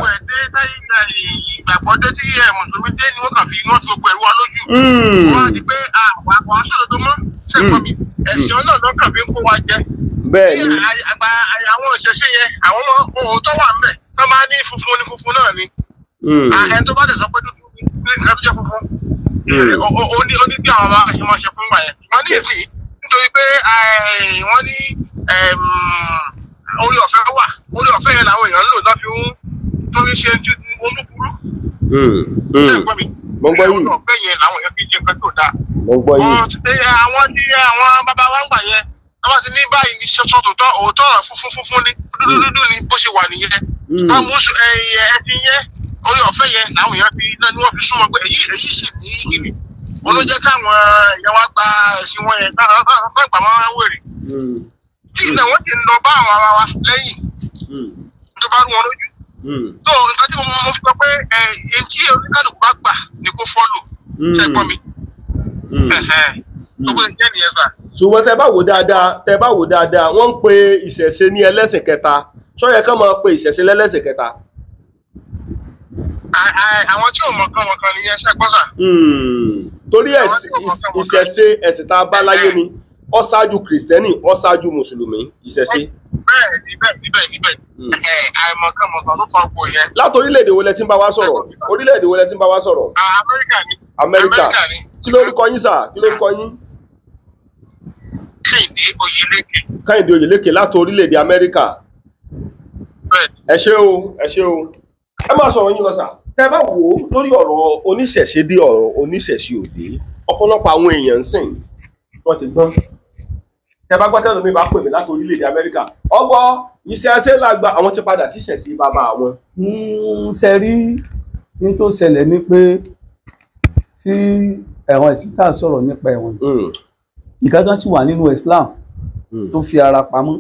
ìgbàgbọ́ dé tí mùsùlùmí dé ni wọ́n kàn fi iná ti gbogbo ẹ̀rú wa lójú. Mm. wọ́n á di pé àwọn àṣọ̀rọ̀ tó mọ́ ṣẹ̀kọ́ mm. mi ẹ̀sìn ọ̀nà kàn fi ń kó wa jẹ. bẹ́ẹ̀ ni àwọn ìṣẹ̀ṣe yẹn àwọn ohun tó wà ń bẹ̀ wọ́n máa ní funfun ní funfun náà ni hmm. ah, ẹni tó bá dẹ̀ sọ pé dúdú ní nǹkan tó jẹ́ funfun hmm. ó ní bí àwọn bá ṣe máa ṣe fún ìgbà yẹn wọ́n ní ètí nítorí pé eh, wọ́n ní orí ọ̀fẹ́ wà orí ọ̀fẹ́ yẹn làwọn èèyàn ń lò lọ́fi ń tó fi ṣe olúkúrú. Hmm. mo gbọ́ yìí ọ̀fẹ́ yẹn làwọn èèyàn fi jẹ nǹkan tó dáa. mo gbọ́ yìí. Eh, àwọn tí àwọn bàbá wa ń gbà yẹn wọ́n ti ní báyìí ní ṣọ́ṣọ́ tòótọ́ òótọ́ ọ̀rọ̀ funfun funfun ni dúdú dúdú ni bó ṣe wà nìyẹn. Mm. àmúṣe eh, ẹyẹ ẹbí yẹn orí ọ̀fẹ́ yẹn làwọn èèyàn fi náà ni wọ́n fi súnmọ́ pé èyí èyí sì ní ìní wọn ló káwọn èèyàn eh, gba ẹ̀sìn wọn yẹn táwọn gbà wọn wèrè mm. tí ìnà wọn ti ń lọ bá àwọn ara wa lẹ́yìn mm. tó bá rú wọn lójú tó nǹkan tí mo mọ fi pé ẹ eh, tí oníkàlùkù bá gbà ni kò fọ́lò ṣe gbọ́ mi tó bó ṣe jẹ́ nìyẹn sà. ṣùgbọ́n tẹ bá wò dáadáa tẹ bá wò dáadáa wọ́n ń pe ìṣẹ̀ṣe ní ẹlẹ́sìn kẹta ṣọ́yẹ kán máa pe ìṣẹ̀ṣe lẹ́lẹ́sẹ̀ kẹta. àwọn tí ò mọ̀kan mọ̀kan nìyẹn ṣe gbọ́sà. Hmm. torí ìṣẹ̀ṣe ẹ̀sìn tá a bá láyé ni ó ṣáájú kìrìsìtẹ́nì ó ṣáájú mùsùlùmí ìṣẹ̀ṣe. bẹ́ẹ̀ ni bẹ́ẹ̀ ni bẹ́ẹ̀ ni bẹ́ẹ̀ hmm. àìmọ̀kan mọ̀kan ló fa ọkọ̀ yẹn. láti orílẹ̀-èdè wo lẹ ti ń bá wa sọ̀rọ̀ orílẹ̀-èdè wo lẹ ti ń bá ni amẹ́ríkà kí lórúkọ yín sà kí lórúkọ yín. kẹ́hìndé oyèlékè. kẹ́hìndé oyèlékè láti orílẹ̀-èdè amẹ́ríkà ẹ ṣé o ẹ ṣé o ẹ máa sọ̀rọ̀ yín lọ sà tẹ bá wò ó lórí ọ̀rọ̀ oníṣẹ̀ṣe dé ọ̀rọ̀ oníṣẹ̀ṣe òde ọ̀pọ̀lọpọ̀ àwọn èèyàn ń sìn wọ́n ti gbọ́n tẹ bá gbọ́ tẹ́lẹ̀ mi bá pè mí láti orílẹ̀-èdè Amẹ́ríkà ọgbọ́ ìṣẹ̀ṣe làgbà àwọn ti padà sí ìṣẹ̀ṣe bàbá wọn. Hmm, ṣe rí ní tó ṣẹlẹ̀ ni pé tí ẹ̀wọ̀n ìsítà sọ̀rọ̀ nípa ẹ̀wọ̀n hmm. ìkágán sì wà nínú Islam hmm. tó fi ara pamọ́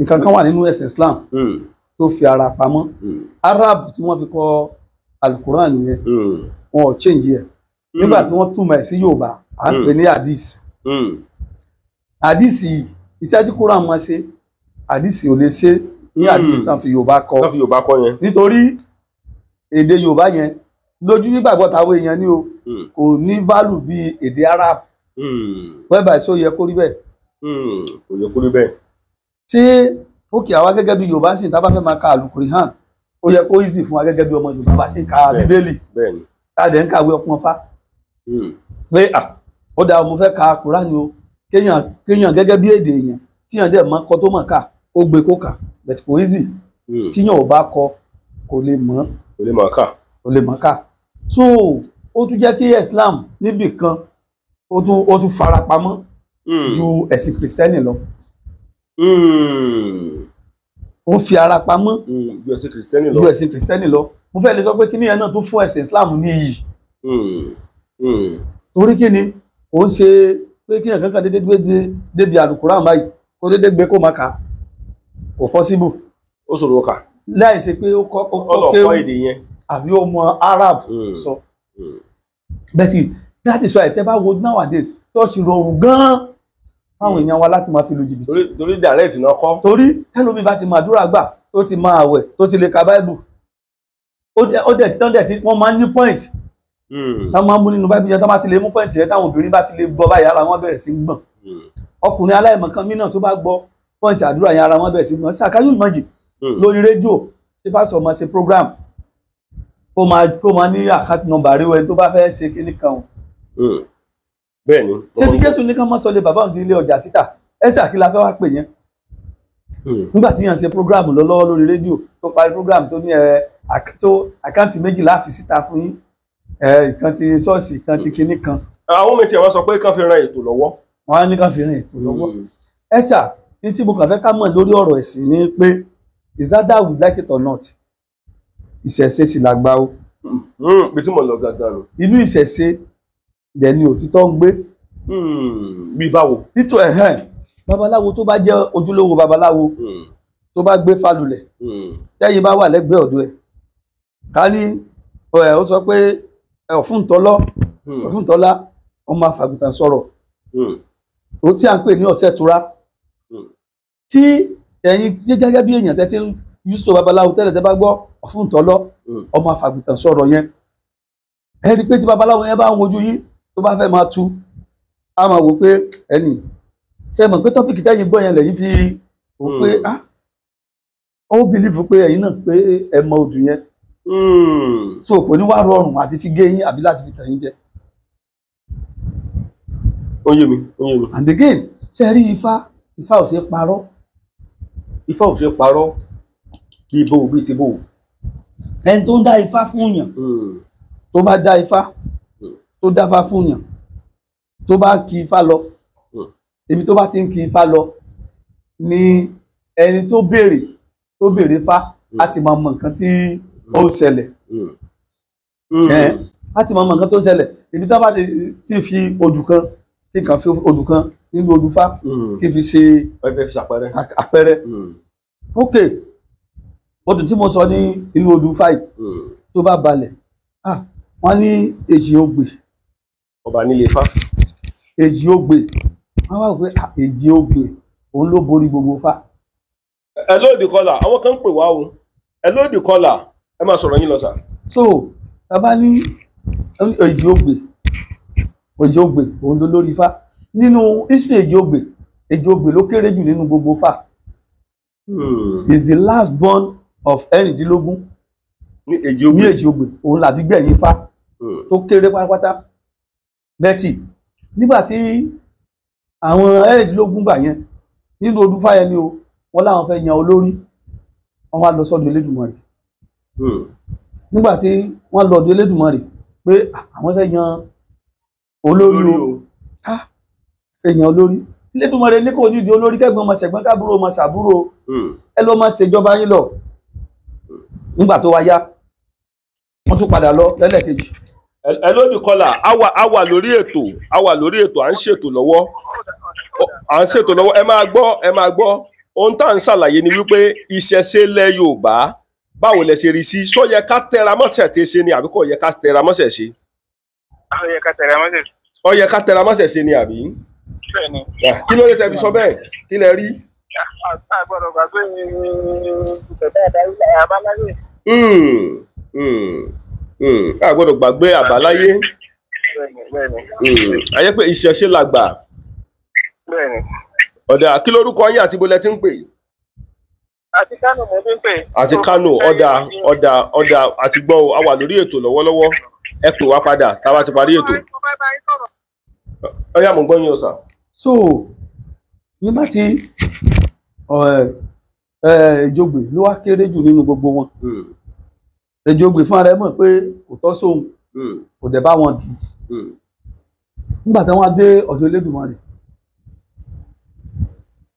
nǹkan kan wà nínú ẹ̀sìn Islam hmm. tó fi ara pamọ́ hmm. Arab tí wọ́n fi kọ alukuran nìyẹn hmm. wọn ò change ẹ̀ nígbà tí wọ́n túmọ̀ ẹ̀ sí Yorùbá à ń pè ní hadith hadith yìí ìtẹ́jú kúrò àwọn ṣe hadith ò lè ṣe ní hadith tán fi Yorùbá kọ tán fi Yorùbá kọ yẹn nítorí èdè Yorùbá yẹn lójú gbígbàgbọ́ táwọn èèyàn ní o kò ní value bíi èdè Arab wẹ́ẹ̀bà ìṣó yẹ kó rí bẹ́ẹ̀. kò yẹ kó rí bẹ́ẹ̀ ṣé òkè àwa gẹ́gẹ́ bí yorùbá sì ń tábà fẹ́ máa ka àlùkùrì hàn ó yẹ kó easy fún wa gẹ́gẹ́ bí ọmọ yorùbá bá sì ń ka bíbélì tàdé ń kàwé ọpọn fá pé ó dáa mo fẹ́ ka kúránì o kéèyàn kéèyàn gẹ́gẹ́ bí èdè èèyàn tíyàn dẹ̀ mọ́ kọ tó mọ̀ ká ó gbé kó kà bẹ̀tì kò easy hmm. tíyàn ò bá kọ kò lè mọ̀ kò lè mọ̀ ká so ó tún jẹ́ kí islam níbì kan ó tún ó tún farapamọ́ hmm. ju ẹ̀sìn kìrìsìtẹ́nì lọ. Hmm. ó fi ara pamọ́ hmm, ju ẹ̀sìn kìrìsìtẹ́nì lọ ju ẹ̀sìn kìrìsìtẹ́nì lọ mo fẹ́ lè sọ pé kíní yẹn náà tún fún ẹ̀sìn Islam ní iyì hmm, torí kíni ó ń ṣe pé kíyàn kankan dédé gbé débi àlùkùrán báyìí kó dédé gbé kó máa kà kò pọ́síbù. ó ṣòro kà. láì ṣe pé ó kọ́ ó kéwù èdè yẹn àbí ó mọ Arab sọ. bẹ́ẹ̀ tí that is why tẹ́ bá wo nowadays church rọrùn gan-an fáwọn èèyàn wa láti máa fi lu jìbìtì. torí direct náà kọ́. torí tẹ́lómi bá ti máa dúrà gbà tó ti máa àwẹ̀ tó ti lè ka báìbù ó dẹ̀ tí tọ́ndẹ̀ tí wọ́n máa ń ní point hmm. táwọn máa ń mú nínú báìbù yẹn tó máa ti lè mú point yẹn táwọn obìnrin bá ti lè gbọ́ báyìí ara wọn bẹ̀rẹ̀ sí í gbọ̀n hmm. ọkùnrin aláìmọ̀kan mí náà tó bá gbọ́ point àdúrà yẹn ara wọn bẹ̀rẹ̀ sí í gbọ̀n sàkáyù hmm. lórí rédíò tí pásítọ̀ máa ṣe program kó máa ní àkáàtì nọmbà ríwẹ̀ tó bá fẹ́ ṣe kíní kan bẹ́ẹ̀ ni. ṣé bí jésù ní kán mọ́ sọlé bàbá òǹdí ilé ọjà títà ẹsẹ̀ àkìlá fẹ́ wá pè yẹn. Hmm. nígbà tí yàn ṣe program lọ lọ́wọ́ lórí rédíò tó parí program tó ní ẹ tó àkáǹtì méjìlá fi síta fún yín ẹ ìkan ti ṣọ́ọ̀ṣì ìkan ti kinní kan. àwọn ọmọ ìtì àwọn sọ pé kán fi ran ètò lọ́wọ́. wọ́n á ní kán fi ran ètò hmm. lọ́wọ́. ẹsà ní tí mo kàn fẹ́ ká mọ̀ lórí ọ̀rọ̀ ẹ̀sìn ni pé is that that we like it or not ìṣẹ̀ṣe sì làgbà o. Hmm. bí tí mo lọ gàgà inú ìṣẹ̀ṣe dẹ̀ ni òtítọ́ ń gbé. Hmm. bí báwo. títò ẹ̀hẹ́n babaláwo tó bá jẹ́ ojúlówó babaláwo hmm. tó bá gbé falulẹ̀ hmm. tẹ́yìn bá wà lẹ́gbẹ̀ẹ́ ọ̀dọ̀ ẹ̀ ká ní ó sọ pé ọ̀fúntọ́lọ́ ọ̀fúntọ́lá wọ́n máa fàgùtàn sọ̀rọ̀ ó tí à ń pè ní ọ̀sẹ̀ tura tí ẹ̀yin gẹ́gẹ́ bí èèyàn tẹ́tí ń yúso babaláwo tẹ́lẹ̀ tẹ́ bá gbọ́ ọ̀fúntọ́lọ́ ọmọ afàgùtàn sọ̀rọ̀ yẹn ẹ rí pé tí babaláwo yẹn bá ń wojú yín tó bá fẹ́ máa tú a máa wò pé ẹnì ṣe mọ̀ pé tọ́pìkì tẹ́yìn gbọ́ yẹn lẹ́yìn fi wò pé hmm. ah ó bìlífù pé ẹ̀yin náà pé ẹ mọ odù yẹn hmm. so kò ní wá rọrùn àti fi gé yín àbí láti fi tàn jẹ. ó yé mi ó yé mi. and again ṣe rí ifá ifá ò ṣe parọ́. ifá ò ṣe parọ́ bí ibo bí ti bò. ẹni tó ń dá ifá fún yàn hmm. tó bá dá ifá tó dáfá fún yàn tó bá kí ifá lọ hmm. ibi tó bá ti ń kí ifá lọ ni ẹni tó béèrè tó béèrè fá a hmm. ti máa mọ nǹkan tí ó ṣẹlẹ̀ a hmm. ti máa mọ nǹkan tó ṣẹlẹ̀ ibi tó bá ti fi odù kan kí kan fi odù kan nínú odù fá kí fi ṣe àpẹẹrẹ ok odù tí mo sọ ní inú odù fá yìí tó bá balẹ̀ ah wọ́n ní èjì ogbè ọba nílé Ifá èjì ogbè wọn wá pé èjì ogbè òun ló borí gbogbo fá. ẹ lóòdì kọlà àwọn kan ń pè wá o ẹ lóòdì kọlà ẹ máa sọ̀rọ̀ yín lọ sà. so bàbá ní èjì ogbè èjì ogbè òun ló lórí fá nínú history èjì ogbè èjì ogbè ló kéré jù nínú gbogbo fá. Hmm. is the last born of ẹ̀rìndínlógún ní èjì ogbè òun làbí gbẹ̀yìn fá hmm. tó kéré pátápátá betty nígbà tí àwọn ẹ̀rìndínlógún gbà yẹn nínú ọdún fáyẹlẹ o wọn láwọn fẹ́ yan olórí wọn wá lọ sọ́dọ̀ Elédùmarè hmm. nígbà tí wọn lọ ọ̀dọ̀ Elédùmarè pé àwọn fẹ́ yan olórí o fẹ́ yan olórí Elédùmarè ní kò ní di olórí kẹ́gbọ́n ọmọ ṣẹ̀gbọ́n kábúrò ọmọ ṣàbúrò hmm. ẹ lọ máa ṣèjọba yín lọ hmm. nígbà tó wá yá wọn tún padà lọ lẹ́lẹ́kejì hello the caller a wà a wà lórí ètò a wà lórí ètò à ń ṣètò lọ́wọ́ à ń ṣètò lọ́wọ́ ẹ máa gbọ́ ẹ máa gbọ́ ohun tá à ń ṣàlàyé ni wípé ìṣẹ̀ṣe ilẹ̀ Yorùbá báwo lẹ ṣe rí sí sọ yẹ ká tẹra mọ́ṣẹ̀ tẹ ṣe ni àbí kò yẹ ká tẹra mọ́ṣẹ̀ ṣe. ó yẹ ká tẹra mọ́ṣẹ̀ ṣe. ó ni àbí. bẹ́ẹ̀ni. kí ló dé tẹbi sọ bẹ́ẹ̀ kí lẹ rí. àgbọ̀dọ̀ gbàgbé ni ìtẹ̀tẹ̀ àbáláyé. Hmm, a gbọ́dọ̀ gbàgbé àbáláyé hmm, ayé pé ìṣẹ̀ṣe làgbà ọ̀dà kí lórúkọ yín àti ibo lẹ ti ń pè. àti Kánò mo ti ń pè. àti Kánò ọ̀dà ọ̀dà ọ̀dà àti gbọ́ o a wà lórí ètò lọ́wọ́lọ́wọ́ ẹ pè wá padà tá a bá ti parí ètò. ọ̀yá mo gbọ́ yín o sà. so nígbà tí ìjọgbè ló wá kéré jù nínú gbogbo wọn. Hmm ejò gbè fún ara ẹ mọ̀ pé kò tọ́ sóhun hmm. kò dẹ̀ bá wọn dù hmm. nígbà tí wọ́n dé ọ̀dọ̀ Elédùmarè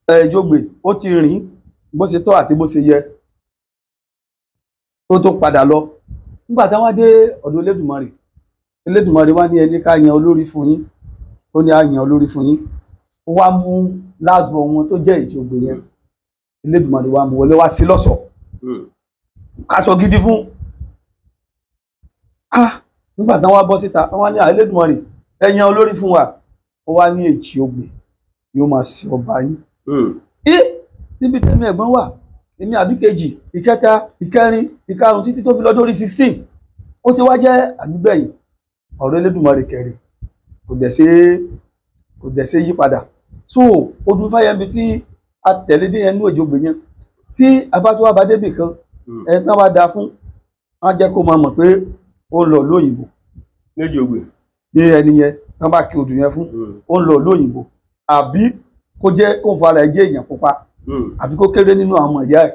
ejò gbè ó ti rìn bó ṣe tọ́ àti bó ṣe yẹ tó tó padà lọ nígbà tí wọ́n dé ọ̀dọ̀ Elédùmarè Elédùmarè wá ní ẹni ká yan olórí fún yín ó ní á olórí fún yín ó wá mú lásbọ̀ wọn tó jẹ́ ejò gbè yẹn Elédùmarè wá wọlé wá sí lọ́ṣọ̀ọ́ hmm. ká gidi fún ah nígbà táwọn wá bọ́ síta wọ́n ní àìlédùmarè ẹ̀yàn olórí fún wa ó wá ní èjì ogbè yóò máa sin ọba yín. ẹ hmm. níbi tẹ́mi ẹ̀gbọ́n wà èmi àbíkejì ìkẹta ìkẹrin ìkarùn títí tó fi lọ́jọ́ orí sixteen ó ti wá jẹ́ àbígbẹ̀yìn ọ̀rọ̀ elédùmarè kẹrin kò dẹ̀ ṣe kò dẹ̀ ṣe yípadà so odun fáyẹmí tí a tẹ̀lé dé yẹn ní òjò gbè yẹn tí abájọ́ abadébì kan ẹ̀ tán wá da fún wọn á jẹ́ kó máa mọ̀ pé ó lọ lóyìnbó méjì ògbè ní ẹni yẹn wọn bá kí odò yẹn fún hmm. ó ń lọ lóyìnbó àbí kó jẹ kó ń fara ẹ jẹ èèyàn pupa hmm. àbí kó kéré nínú àwọn ọmọ ìyá ẹ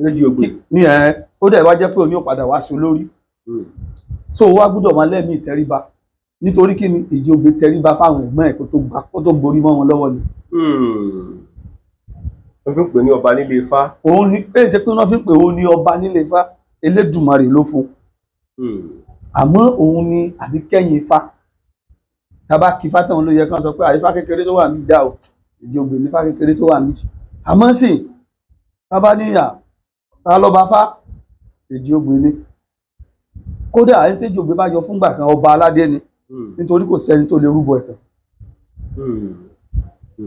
méjì ògbè ní ẹ ó dẹ̀ wá jẹ́ pé òní ò padà wá sí olórí hmm. so wá gbúdọ̀ máa lẹ́mìí ìtẹríba nítorí kí ni ìjọba tẹríba fáwọn ẹ̀gbọ́n ẹ̀ kó tó borí mọ́ wọn lọ́wọ́ ni. wọ́n fi ń pè ní ọba nílé ifá. òun ni pé ṣe pé wọ́n fi ń pè òun ní ọba nílé ifá Elédùmarè ló fún un àmọ́ òun ni àbí kẹ́yìn ifá tábà kí ifá tán ló yẹ kán sọ pé àyífá kékeré tó wà ní ìdá o ìjọba nífá kékeré tó wà ní àmọ́ sì tábà níyà tá lọ́ba fá ìjọba ni kódà ẹni tẹ́jọba bá yọ fúngbà kan ọba aládé ni nítorí kò sẹ́ni tó lè rúbọ ẹ̀tàn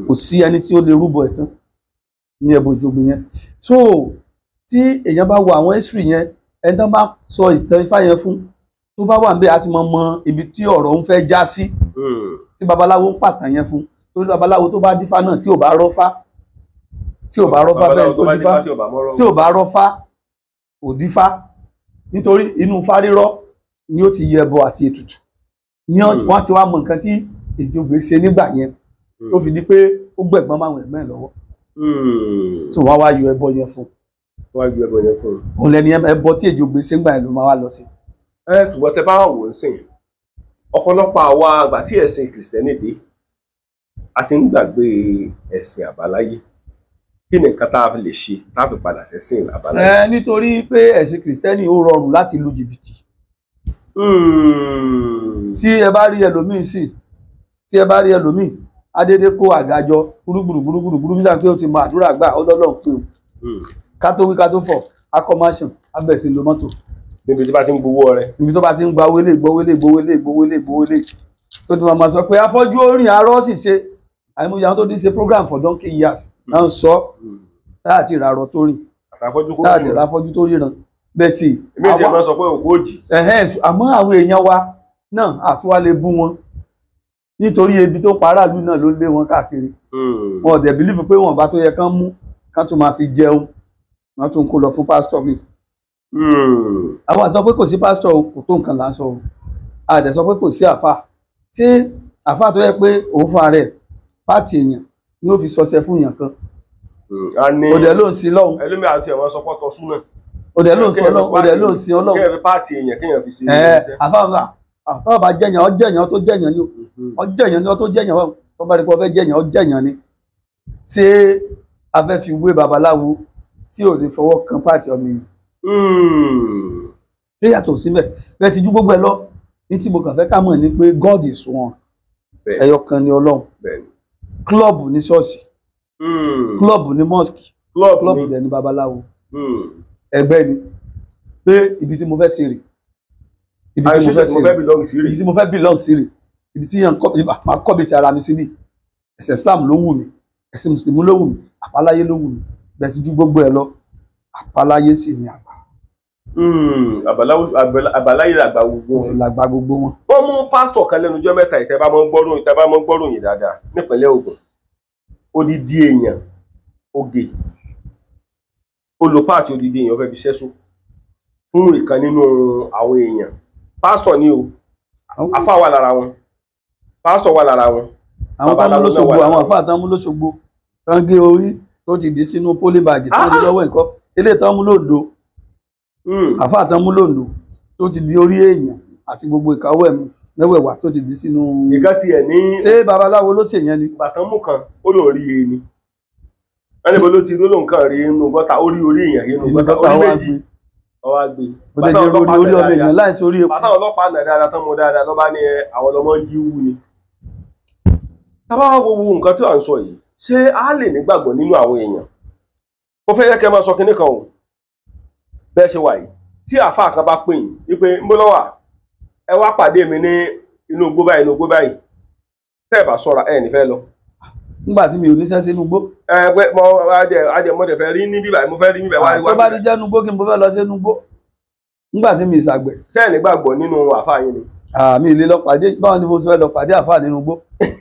kò sí ẹni tí ó lè rúbọ ẹ̀tàn ní ẹbọ ìjọba yẹn so tí èèyàn bá wo àwọn history yẹn ẹni bá sọ ìtàn ifá yẹn fún tó bá wà ń bẹ àti mọ mọ ibi tí ọ̀rọ̀ ń fẹ́ já sí hmm. tí babaláwo ń pàtàn yẹn fún torí babaláwo tó bá dífá náà tí ò bá rọ́fá tí ò bá rọ́fá bẹ́ẹ̀ tó dífá tí ò bá rọ́fá ò dífá nítorí inú fárírọ́ ni ó ti yẹbọ àti ètùtù ni wọ́n hmm. ti wá mọ nǹkan tí ìjọba ṣe nígbà yẹn tó hmm. fi di pé ó gbẹ̀gbọ́n máwọn ẹ̀gbọ́n ẹ̀ lọ́wọ́ so wọ́n wá yọ ẹbọ yẹn fún un wọ́n á ju ẹbọ yẹn fún un. òun lẹni ẹbọ tí èjò gbèsè ńgbà yẹn ló máa wá lọ sí. ẹ tùbọ̀ tẹ bá wò ó sìn ọ̀pọ̀lọpọ̀ àwa àgbà tí ẹ̀sìn kìrìsìtẹ́nì dé a ti ń gbàgbé ẹ̀sìn àbáláyé kí ni nǹkan tá a fi lè ṣe tá a fi padà sẹ́sìn àbáláyé. ẹ nítorí pé ẹ̀sìn kìrìsìtẹ́nì ó rọrùn láti lu jìbìtì hmm. tí ẹ bá rí ẹlòmíì sí tí ẹ bá rí ẹlòmíì adédé kó àgájọ gbúrúgbùrú gbúrúgbùrú gbúrú bí sáà pé ó ti mọ àdúrà gbà ọlọ́lọ́run pé o hmm ká tó wí ká tó fọ̀ akọ máṣàn abẹ̀ sí lo mọ́tò. níbi tó bá ti ń gbowó rẹ. níbi tó bá ti ń gba wọlé gbowólé gbowólé gbowólé gbowólé tó ti máa sọ pé afọ́jú orin arọ́ sì ṣe àìmọye àwọn tó ti ṣe program for donkey years hmm. náà ń sọ láti hmm. ràrọ̀ tó rìn láti ràfọ́jú tó ríran bẹ́tì. èmi ti máa sọ pé òkú òjì. àmọ́ àwọn èèyàn wa náà àtúwá lè bú wọn nítorí ebi tó paráàlú náà ló lé wọn káàkiri hmm. wọn ò dẹ̀ bìlífù pé wọn bá tó yẹ kán mú kán tó máa fi jẹun wọn tún kó lọ fún pásítọ̀ mi àwa sọ pé kò sí pásítọ̀ kò tó nǹkan là ń sọ a dẹ̀ sọ pé kò sí àfà ṣé àfà tó yẹ pé òun fún ara ẹ̀ pàtì èèyàn ni ó fi sọsẹ fún èèyàn kan òdẹ ló ń sin lọ́hùn ẹlẹ́mi àti ẹ̀wọ̀n sọpọ́ tọ súnà òdẹ ló ń sin ọlọ́hùn òdẹ ló ń sin ọlọ́hùn kẹ́ẹ̀ pàtì èèyàn kéèyàn fi sin ẹ̀ àfà àfà bá jẹ̀yàn ọjẹ̀yàn tó jẹ̀yàn ni ọjẹ̀yàn mhm. ni ọ tó jẹ̀yàn wọn bá rí pé ọ jẹ̀yàn ọjẹ̀yàn ni ṣé afẹ́ fi wé babaláwo tí ò lè fọwọ́ kan pàtì ọmọ yìí hmm. ṣé yàtọ̀ síbẹ̀ bẹ́ẹ̀ ti ju gbogbo ẹ lọ ní tí mo kàn fẹ́ ká mọ̀ ni pé God is one ẹyọ kan ni Ọlọ́run klọ́ọ̀bù ní ṣọ́ọ̀ṣì klọ́ọ̀bù ní mọ́ọ̀sì klọ́ọ̀bù dẹ̀ ní babaláwo hmm. ẹgbẹ́ ni pé ibi tí mo fẹ́ sí rè ibi tí mo fẹ́ sí rè ibi tí mo fẹ́ belong sí rè ibi tí yàn máa kọ́ bi ti ara mi sí ni ẹ̀sìn Islam ló wù mí ẹ̀sìn mùsùlùmí ló wù mí àbáláyé ló wù mí bẹ̀tí ju gbogbo ẹ̀ lọ àbáláyé sì ni àgbà. Hmm, àbáláyé làgbà gbogbo wọn. sì làgbà gbogbo wọn. wọ́n mú pásítọ̀ kan lẹ́nu ọjọ́ mẹ́ta ìtẹ́ bá mọ́ gbọ́rò ìtẹ́ bá mọ́ gbọ́rò yìí dáadáa nípínlẹ̀ Ògùn odidi èèyàn oge olùpá àti odidi èèyàn fẹ́ fi ṣẹ́sùn fún ìkan nínú àwọn èèyàn pásítọ̀ ni o àfa wà lára wọn pásítọ̀ wà lára wọn. àwọn kan mú lóṣogbo àwọn àfa àtàwọn mú lóṣogbo tán gé orí tó ti di sínú pólíbàgì tó ń ah. lọ́wọ́ nǹkan eléyìí tán mú lòdò hmm. àfáà tán mú lòdò tó ti di orí èèyàn àti gbogbo ìkáwọ́ ẹ̀mú mẹ́wẹ̀ẹ̀wá tó ti di sínú. nǹkan tiẹ̀ ní. ṣé babaláwo ló ṣèyẹn ni. bàtán mú kan ó lò rí e ni wọ́n níbo ló ti ló lóun kan rí inú gọ́ta ó rí orí èèyàn inú gọ́ta ó rí méjì ọwọ́ àgbè. ó lè jẹ́ orí orí ọmọ èèyàn láìsí tán mo dáadáa lọ́ba ní àwọn ọmọ jíwú ni. tábà wo wo nǹkan tí à ń sọ yìí ṣé a lè nígbàgbọ́ nínú àwọn èèyàn mo fẹ́ yẹ kẹ́ máa sọ kinní kan o bẹ́ẹ̀ ṣe wà yìí tí àáfàá kan bá pè yín wípé ń bọ́ lọ́wà ẹ wá pàdé mi ní inú igbó báyìí inú igbó báyìí tẹ́ ẹ bá sọ́ra ẹ ní fẹ́ lọ. nígbà tí mi ò níṣẹ́ sínú igbó. ẹ pé mo adẹ adẹ mo dẹ rí níbí báyìí mo fẹ́ rí níbí báyìí. tó bá ti jẹ́ inú igbó kí n mo fẹ́ lọ sí inú igbó nígbà tí mi ìsàgbẹ̀. ṣé nígbàgbọ́ nínú àáfàá yín ni. àmì ìlélọ́pàdé báwo ni mo fẹ́ lọ pàdé àáfàá nínú igbó.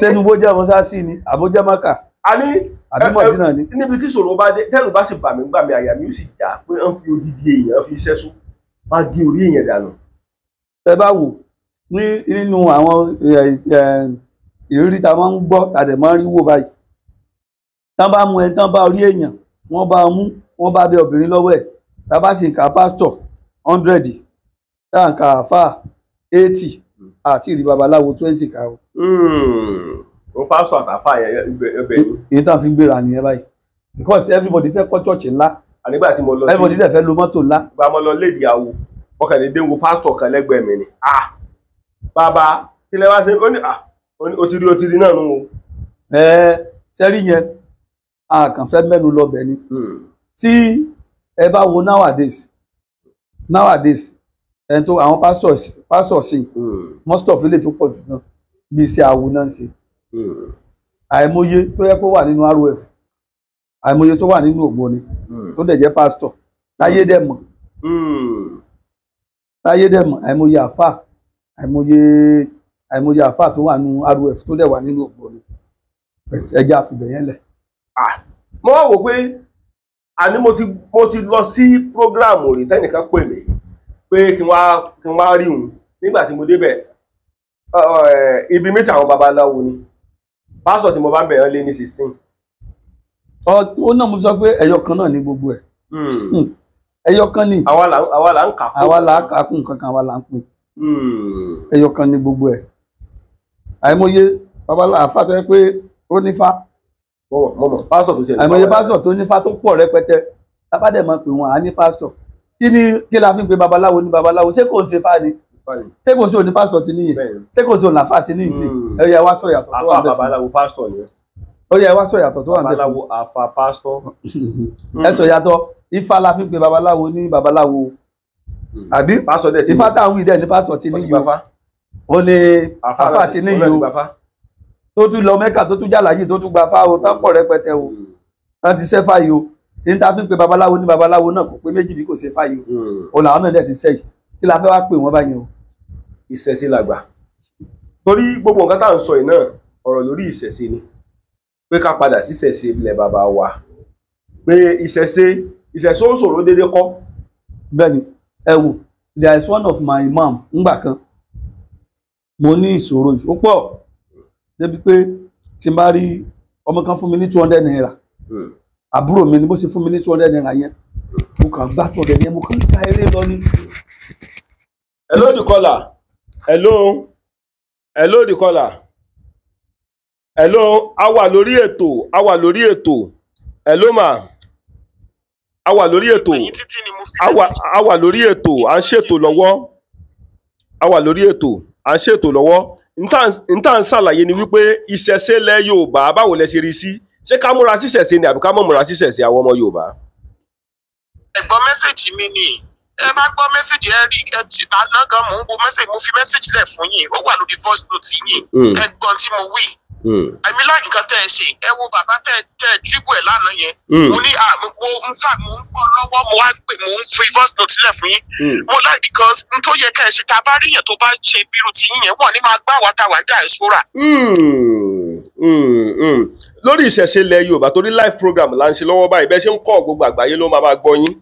sẹ́nu bó jẹ́ mọ́sáàsì ni àbójẹ́ mọ́kà àbí mọ̀tínà ni. níbi tí sòrò bá dé tẹ́lu bá sì bà mí gbà mí àyà mi ó sì já pé ó ń fi odidi èèyàn fi iṣẹ́ sún wá gé orí èèyàn dànù. ẹ bá wò ní nínú àwọn ìrírí tá a máa ń gbọ́ tàdé máa ń rí wò báyìí tán bá mú ẹ tán bá orí èèyàn wọ́n bá mú wọ́n bá bẹ obìnrin lọ́wọ́ ẹ̀ tá a bá sì ń ka pásítọ̀ hundred tá à ń ka àfà eighty àti ìrí babaláwo twenty ka. o. Hmm. o sọ àtàfà yẹn ẹbẹ yìí. èyí tá a fi ń gbéra nìyẹn báyìí because everybody fẹ kọ chọ́ọ̀chì ńlá. tí mo lọ sí everybody dẹ̀ lo mọ́tò ńlá. gba mo lọ lédi àwo ọkàn ni. bàbá wá ó ní ti ti náà o. ẹ sẹ́rí yẹn a kàn fẹ́ lọ bẹ̀ hmm. tí ẹ bá wo nowadays nowadays ẹni tó àwọn pásítọ̀ sí hmm. most of ilé tó pọ̀ jù náà bí iṣẹ́ awo náà ń ṣe hmm. àìmọye tó yẹ kó wà nínú rof àìmọye tó wà nínú Ògbóni hmm. tó dẹ̀ jẹ́ pásítọ̀ táyé dẹ̀ mọ̀ táyé dẹ̀ mọ̀ àìmọye àfà àìmọye àìmọye àfà tó wà nínú rof tó dẹ̀ wà nínú Ògbóni ẹja àfibẹ̀ yẹn lẹ̀. Ah, mo wá wò pé àní mo ti lọ sí programu rí tẹ́nìkan pè mí pé kí n wá kí n wá rí òun nígbà tí mo débẹ̀ ibi mítà àwọn babaláwo ni pásítọ̀ tí mo bá bẹ̀rẹ̀ lé ní sixteen. ó náà mo sọ pé ẹyọ kan náà ní gbogbo ẹ̀ hmm. Hmm. ẹyọ kan ni àwa là ń kà kún àwa là ń kà kún kankan àwa là ń pè hmm. ẹyọ kan ni gbogbo ẹ̀ àìmọye babaláwo àfàtẹ́ pé ó nífà àìmọye pásítọ̀ tó nífà tó pọ̀ rẹpẹtẹ tábàdẹ̀ máa pè wọ́n á ní pásítọ̀ kí ni kí la fi ń pe babaláwo ní babaláwo ṣé kò ń ṣe fáni ṣé kò sí òní pásítọ̀ tí níyì ṣé kò sí òní àfáà tí níyì sí ẹ yẹ wá sọ ìyàtọ̀ tó wà bẹ́ẹ̀ fún ó yẹ wá sọ ìyàtọ̀ tó wà bẹ́ẹ̀ fún babaláwo àfà pásítọ̀ ẹ sọ ìyàtọ̀ la fi ń pe babaláwo ní babaláwo hmm. àbí ifá táwọn ìdẹ ní pásítọ̀ tí níyì ó ní àfáà tí níyì ó tó tún lọ mẹ́kà tó tún jàlàyé tó tún gbafá o tán pọ̀ rẹpẹtẹ o hmm. tán ti sẹ́fà yìí o ní ta fi pe babaláwo ní babaláwo náà kò pé méjì bí kò ṣe fáyé o hmm. ọ̀là àwọn náà dẹ̀ ti sẹ́yìn kí la fẹ́ wá pè wọ́n báyìí o. ìṣẹ̀sí la torí gbogbo nǹkan tá à ń sọ yìí náà ọ̀rọ̀ lórí ìṣẹ̀sí ni pé ká padà sí ìṣẹ̀sí ilẹ̀ bàbá wa pé ìṣẹ̀sí ìṣẹ̀sí ó ṣòro déédéé kọ́. bẹ́ẹ̀ni ẹ wò there is one of my imam ngbà kan mo ní ìṣòro yìí ó pọ̀ débi pé tí n bá rí ọmọ kan fún mi ní two hundred naira. Mm àbúrò mi ni bó ṣe fún mi ní two hundred naira yẹn mo kàn gbá two hundred yẹn mo kàn sá eré lọ ní. hello the caller hello hello the caller hello a wà lórí ètò a wà lórí ètò hello ma a wà lórí ètò a wà lórí ètò à ń ṣètò lọ́wọ́ a wà lórí ètò à ń ṣètò lọ́wọ́ n tá n ṣàlàyé ni wípé ìṣẹ̀ṣe lẹ Yorùbá báwo lẹ ṣe rí sí. Si ṣé ká múra síṣẹ̀ṣe ni àbí ká mọ̀ múra síṣẹ̀ṣe àwọn ọmọ Yorùbá. ẹ gbọ́ mẹ́sẹ̀jì mi ni ẹ bá gbọ́ mẹ́sẹ̀jì ẹ rí ẹ ti àná gan mò ń wo mẹ́sẹ̀jì mo fi mẹ́sẹ̀jì lẹ̀ fún yín ó wà lórí voice note yín hmm. ẹ gbọ́ tí mo wí. Hmm. ẹ̀mí láì nǹkan tẹ́ ẹ ṣe ẹ wo bàbá tẹ́ tẹ́ ẹ dìbò ẹ̀ lánàá yẹn hmm. mo ní mo ń fà mo ń bọ̀ lọ́wọ́ mo wá pè mo ń fi voice note lẹ̀ fún yín mo láì because n tó yẹ kẹ́ ẹ ṣe tá a bá rí yẹn tó bá ṣe bírú ti yín yẹn wọ́n ní máa gbá wa tá a wà ní àìsóra lórí ìṣẹ̀ṣe ilẹ̀ yorùbá torí live program là ń ṣe lọ́wọ́ báyìí bẹ́ẹ̀ ṣe ń kọ́ gbogbo àgbáyé ló máa máa gbọ́ yín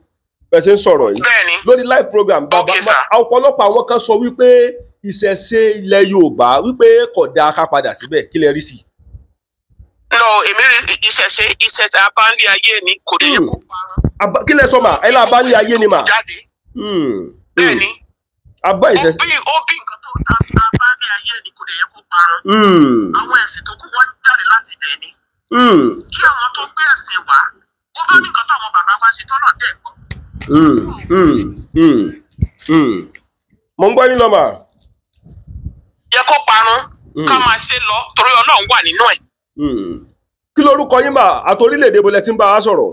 bẹ́ẹ̀ ṣe ń sọ̀rọ̀ yìí lórí live program bàbá ọ̀pọ̀lọpọ̀ àwọn kan sọ wípé ìṣẹ̀ṣe ilẹ̀ yorùbá wípé kò dáa ká padà síbẹ̀ kí lẹ rí sí i. no èmi rí ìṣẹ̀ṣe ìṣẹ̀ṣe abánlé ayé ni kò lè hmm. kó parun. kí lẹ sọ ma ẹ lọ abánlé ayé ni ma. Hmm. bẹ́ẹ̀ni abá ìṣẹ̀ṣe. ó bí ó bí nǹkan tó ta abánlé ayé ni kò lè yẹ kó parun. Hmm. àwọn ẹ̀sìn tó Hmm. kí àwọn tó gbé ẹ̀sìn wá ó bá nìkan táwọn bàbá wa ṣe tọ́nà dẹ̀ gbọ́. Hmm. Hmm. mo ń gbọ́ yín lọ́mà. yẹ kó parun ká máa ṣe lọ torí ọlọ́run wà nínú ẹ̀. kí lorúkọ yín bá àtòrílẹ̀-èdè bolẹ̀ tí ń bá a sọ̀rọ̀.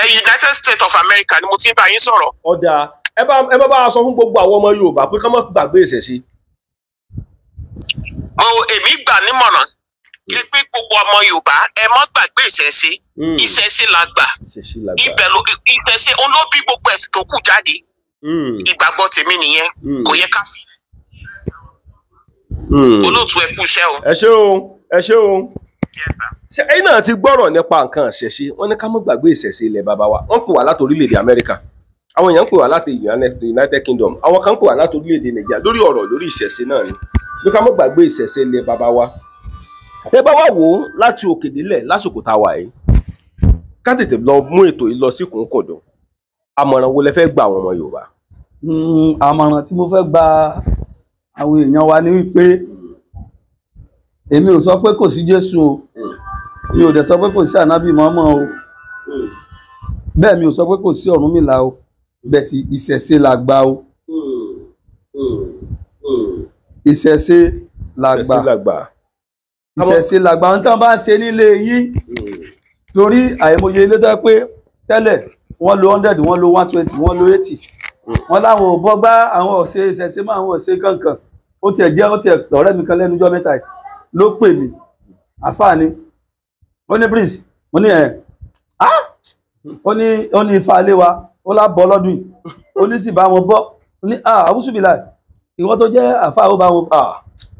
ẹ United States of America ni mo ti ń bá yín sọ̀rọ̀. Ọjà ẹ bá ẹ bá a sọ fún gbogbo àwọn ọmọ Yorùbá pé ká má gbàgbé ìṣẹ̀ṣe. o oh, èmi gbà nímọ̀ràn jẹ́ pé gbogbo ọmọ Yorùbá ẹ mọ́ gbàgbé ìṣẹ̀ṣe hmm. ìṣẹ̀ṣe la gbà ibẹ̀ ló ìṣẹ̀ṣe olóbi gbogbo ẹ̀sìn tó kù jáde hmm. ìgbàgbọ́ tèmi nìyẹn hmm. kò yẹ ká fi. olóòtú ẹ kú iṣẹ́ o. ẹ ṣé o ẹ ṣé o ṣe ẹ̀yin náà ti gbọ́rọ̀ nípa nǹkan ìṣẹ̀ṣe wọ́n ní ká mọ́ gbàgbé ìṣẹ̀ṣe ilẹ̀ bàbá wa wọ́n pè wá láti orílẹ̀-èdè Amẹ́ríkà àwọn èèyàn ń pè wá láti United Kingdom àwọn kan ń pè wá láti orílẹ̀-èdè Nàìjíríà lórí ọ̀rọ̀ lórí ìṣẹ̀ṣe náà ni bí ká mọ́ gbàgbé ìṣẹ̀ṣe ilẹ̀ bàbá wa tẹ́ bá wá wò ó láti òkè délẹ̀ lásìkò tá a wà yìí ká tètè lọ mú ètò yìí lọ sí kùnkùndùn àmọ̀ràn wo lẹ fẹ́ gba àwọn ọmọ Yorùbá. Hmm, àmọ̀ràn tí mo fẹ́ gba àwọn èèyàn wa ni wípé èmi ò sọ pé kò sí Jésù o mi ò dẹ̀ sọ pé kò sí ànábì mọ́mọ́ o bẹ́ẹ̀ mi ò sọ pé kò sí Ọ̀rúnmìlà o bẹ́ẹ̀ ti ìṣẹ̀ṣe la gbà o hmm, hmm, ìṣẹ̀ṣe la gbà ìṣẹ̀ṣe làgbà ń tán bá ń ṣe nílé yín torí àìmọye ilé tó pé tẹ́lẹ̀ wọ́n lo hundred wọ́n lo one twenty wọ́n lo eighty wọ́n láwọn ò bọ́ bá àwọn ọ̀sẹ̀ ìṣẹ̀ṣe mọ́ àwọn ọ̀sẹ̀ kankan ó tiẹ̀ jẹ́ ó tiẹ̀ ọ̀rẹ́ mi kan lẹ́nu ọjọ́ mẹ́ta yìí ló pè mí àfààní ó ní prince mo ní ẹ̀ ah ó ní ó ní ifá ilé wa ó lá bọ́ lọ́dún yìí ó ní sì bá wọn bọ́ ó ní ah àwùsùbìlà ìwọ́n tó jẹ́ àfáà ó bá wọn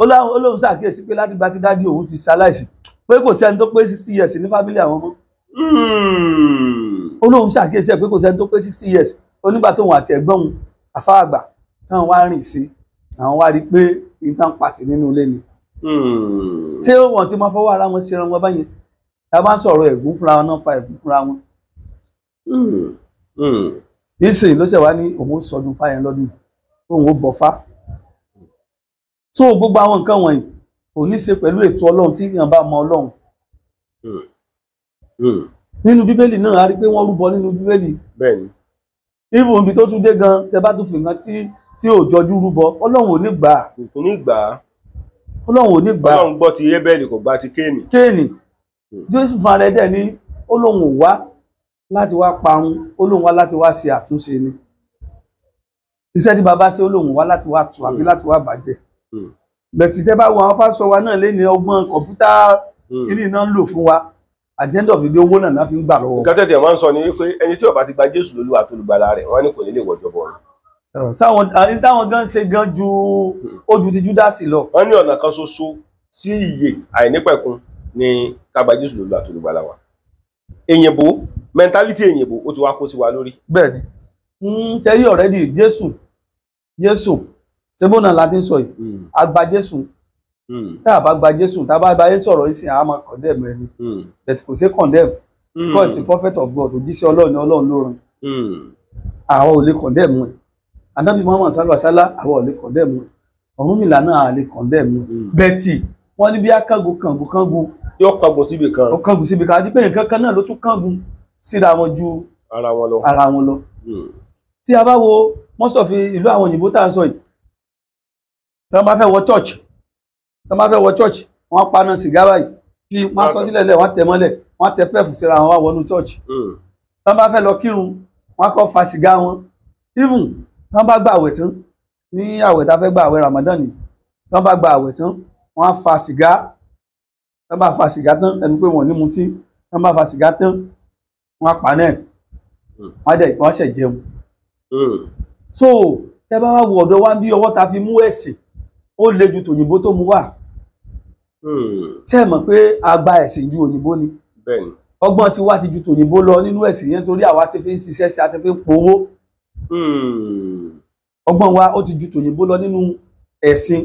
ó lóun ṣàkíyèsí pé látìgbà tí dádì òun ti ṣaláìsí pé kò sẹ́ni tó pé sixty years ní fámílì àwọn ọmọ hmm. ó lóun ṣàkíyèsí ẹ̀ pé kò sẹ́ni tó pé sixty years onígbà tóun àti ẹ̀gbọ́n òun àfáàgbà táwọn wá rìn sí àwọn wá rí i pé ìtàn pàtì nínú ilé ni hmm. ṣé wọn ti máa fọwọ́ ara wọn sí ẹran wọn báyẹn tá a bá ń sọ̀rọ̀ ẹ̀gún fúnra wọn náà fa ẹ̀gún fúnra wọn hmm. nísìnyí ló ṣẹ̀ wá ní òun sọdún fáyẹn lọ́dún òun ò bọ̀ fá so gbogbo àwọn nǹkan wọ̀nyí kò ní ṣe pẹ̀lú ètò ọlọ́run tí èèyàn bá mọ ọlọ́run hmm. Hmm. nínú bíbélì náà a rí pé wọ́n rúbọ nínú bíbélì even ibi tó tún dé gan tẹ bá tún fi nǹkan tí tí ò jọjú rúbọ ọlọ́run ò ní gbà á kò ní gbà á ọlọ́run ò ní gbà á ọlọ́run gbọ́ ti rébẹ́lì kò gbà ti kéènì kéènì hmm. jésù fún ara ẹ̀dẹ̀ ní ọlọ́run ò wá láti wá parun ọlọ́run wá láti wá ṣe àtúnṣe ni iṣẹ́ tí baba ṣe ọlọ́run wá láti wá tù àbí láti wá bàjẹ́ Hmm. bẹ̀tì tẹ́ bá wo àwọn pásítọ̀ wa náà lé ní ọgbọ́n kọ̀ǹpútà hmm. kiri náà ń lò fún wa at the end of the day owó náà náà fi ń gbà lọ́wọ́. nǹkan tẹ̀sí ẹ̀ máa ń sọ ni pé ẹni tí ó bá ti gba Jésù lólúwa tó lùgbàlà rẹ̀ wọ́n á ní kò ní lè wọ ìjọba ọ̀run sáwọn táwọn gan ṣe gan ju hmm. ojú ti júdásì lọ. wọ́n ní ọ̀nà kan ṣoṣo sí ìyè àìnípẹ̀kun ní kágbá jésù lòlú àtolùgbàlà wa èyìnbó mẹntálítì èyìnbó ó ti wá kó sí wa lórí. bẹ́ẹ̀ni ń tẹrí ọ̀rẹ́dì jésù ṣébó náà la ti ń sọ yìí hmm. agba jésù hmm. tá a bá gba jésù tá a bá gba jésù ọ̀rọ̀ ìsìn àmọ́ condemn ẹni hmm. but kò ṣe condemn because the prophet of God òjíṣẹ́ ọlọ́run ni ọlọ́run ló rán àwọn ò lè condemn ẹ̀ anábì muhammad salwa sala àwọn ò lè condemn ẹ̀ Ọ̀rúnmìlà náà à lè condemn ẹ̀ bẹ́ẹ̀tì wọ́n ní bí akágun kàngun kángun yóò kángun síbi kan ó kángun síbi kan àti pé nǹkan kan náà ló tún kángun síra wọn ju ara wọn lọ tí a bá wo most of ìlú àwọn òyìnbó tá à sọ yìí tí wọ́n bá fẹ́ wọ church tí wọ́n bá fẹ́ wọ church wọ́n paná sìgá báyìí kí wọ́n sọ sílẹ̀ lẹ̀ wọ́n tẹ̀ mọ́lẹ̀ wọ́n tẹ pẹ́ẹ̀fù síra wọn wá wọnú church hmm. tí wọ́n bá fẹ́ lọ kírun wọ́n kọ́ fa sìgá wọn even tí wọ́n bá gba àwẹ̀ tán ní àwẹ̀ tá a fẹ́ gba àwẹ̀ Ramadan ni tí wọ́n bá gba àwẹ̀ tán wọ́n á fa sìgá tí wọ́n bá fa sìgá tán ẹnu pé wọ́n ní mutí tí bá fa sìgá tán wọ́n á pa hmm. wọ́n dẹ̀ wọ́n ṣẹ̀ jẹun. Hmm. so tẹ́ bá wá wo ọ̀dọ̀ bí ọwọ́ ta fi mú ẹ̀sìn ó le ju tòyìnbó tó mu wá hmm. ṣe é mọ̀ pé a gba ẹ̀sìn ju òyìnbó ni ọgbọ́n tiwa ti ju tòyìnbó lọ nínú ẹ̀sìn yẹn torí àwa ti fi ń ṣiṣẹ́ sí a ti fi ń powó hmm. ọgbọ́n wa ó ti ju tòyìnbó lọ nínú ẹ̀sìn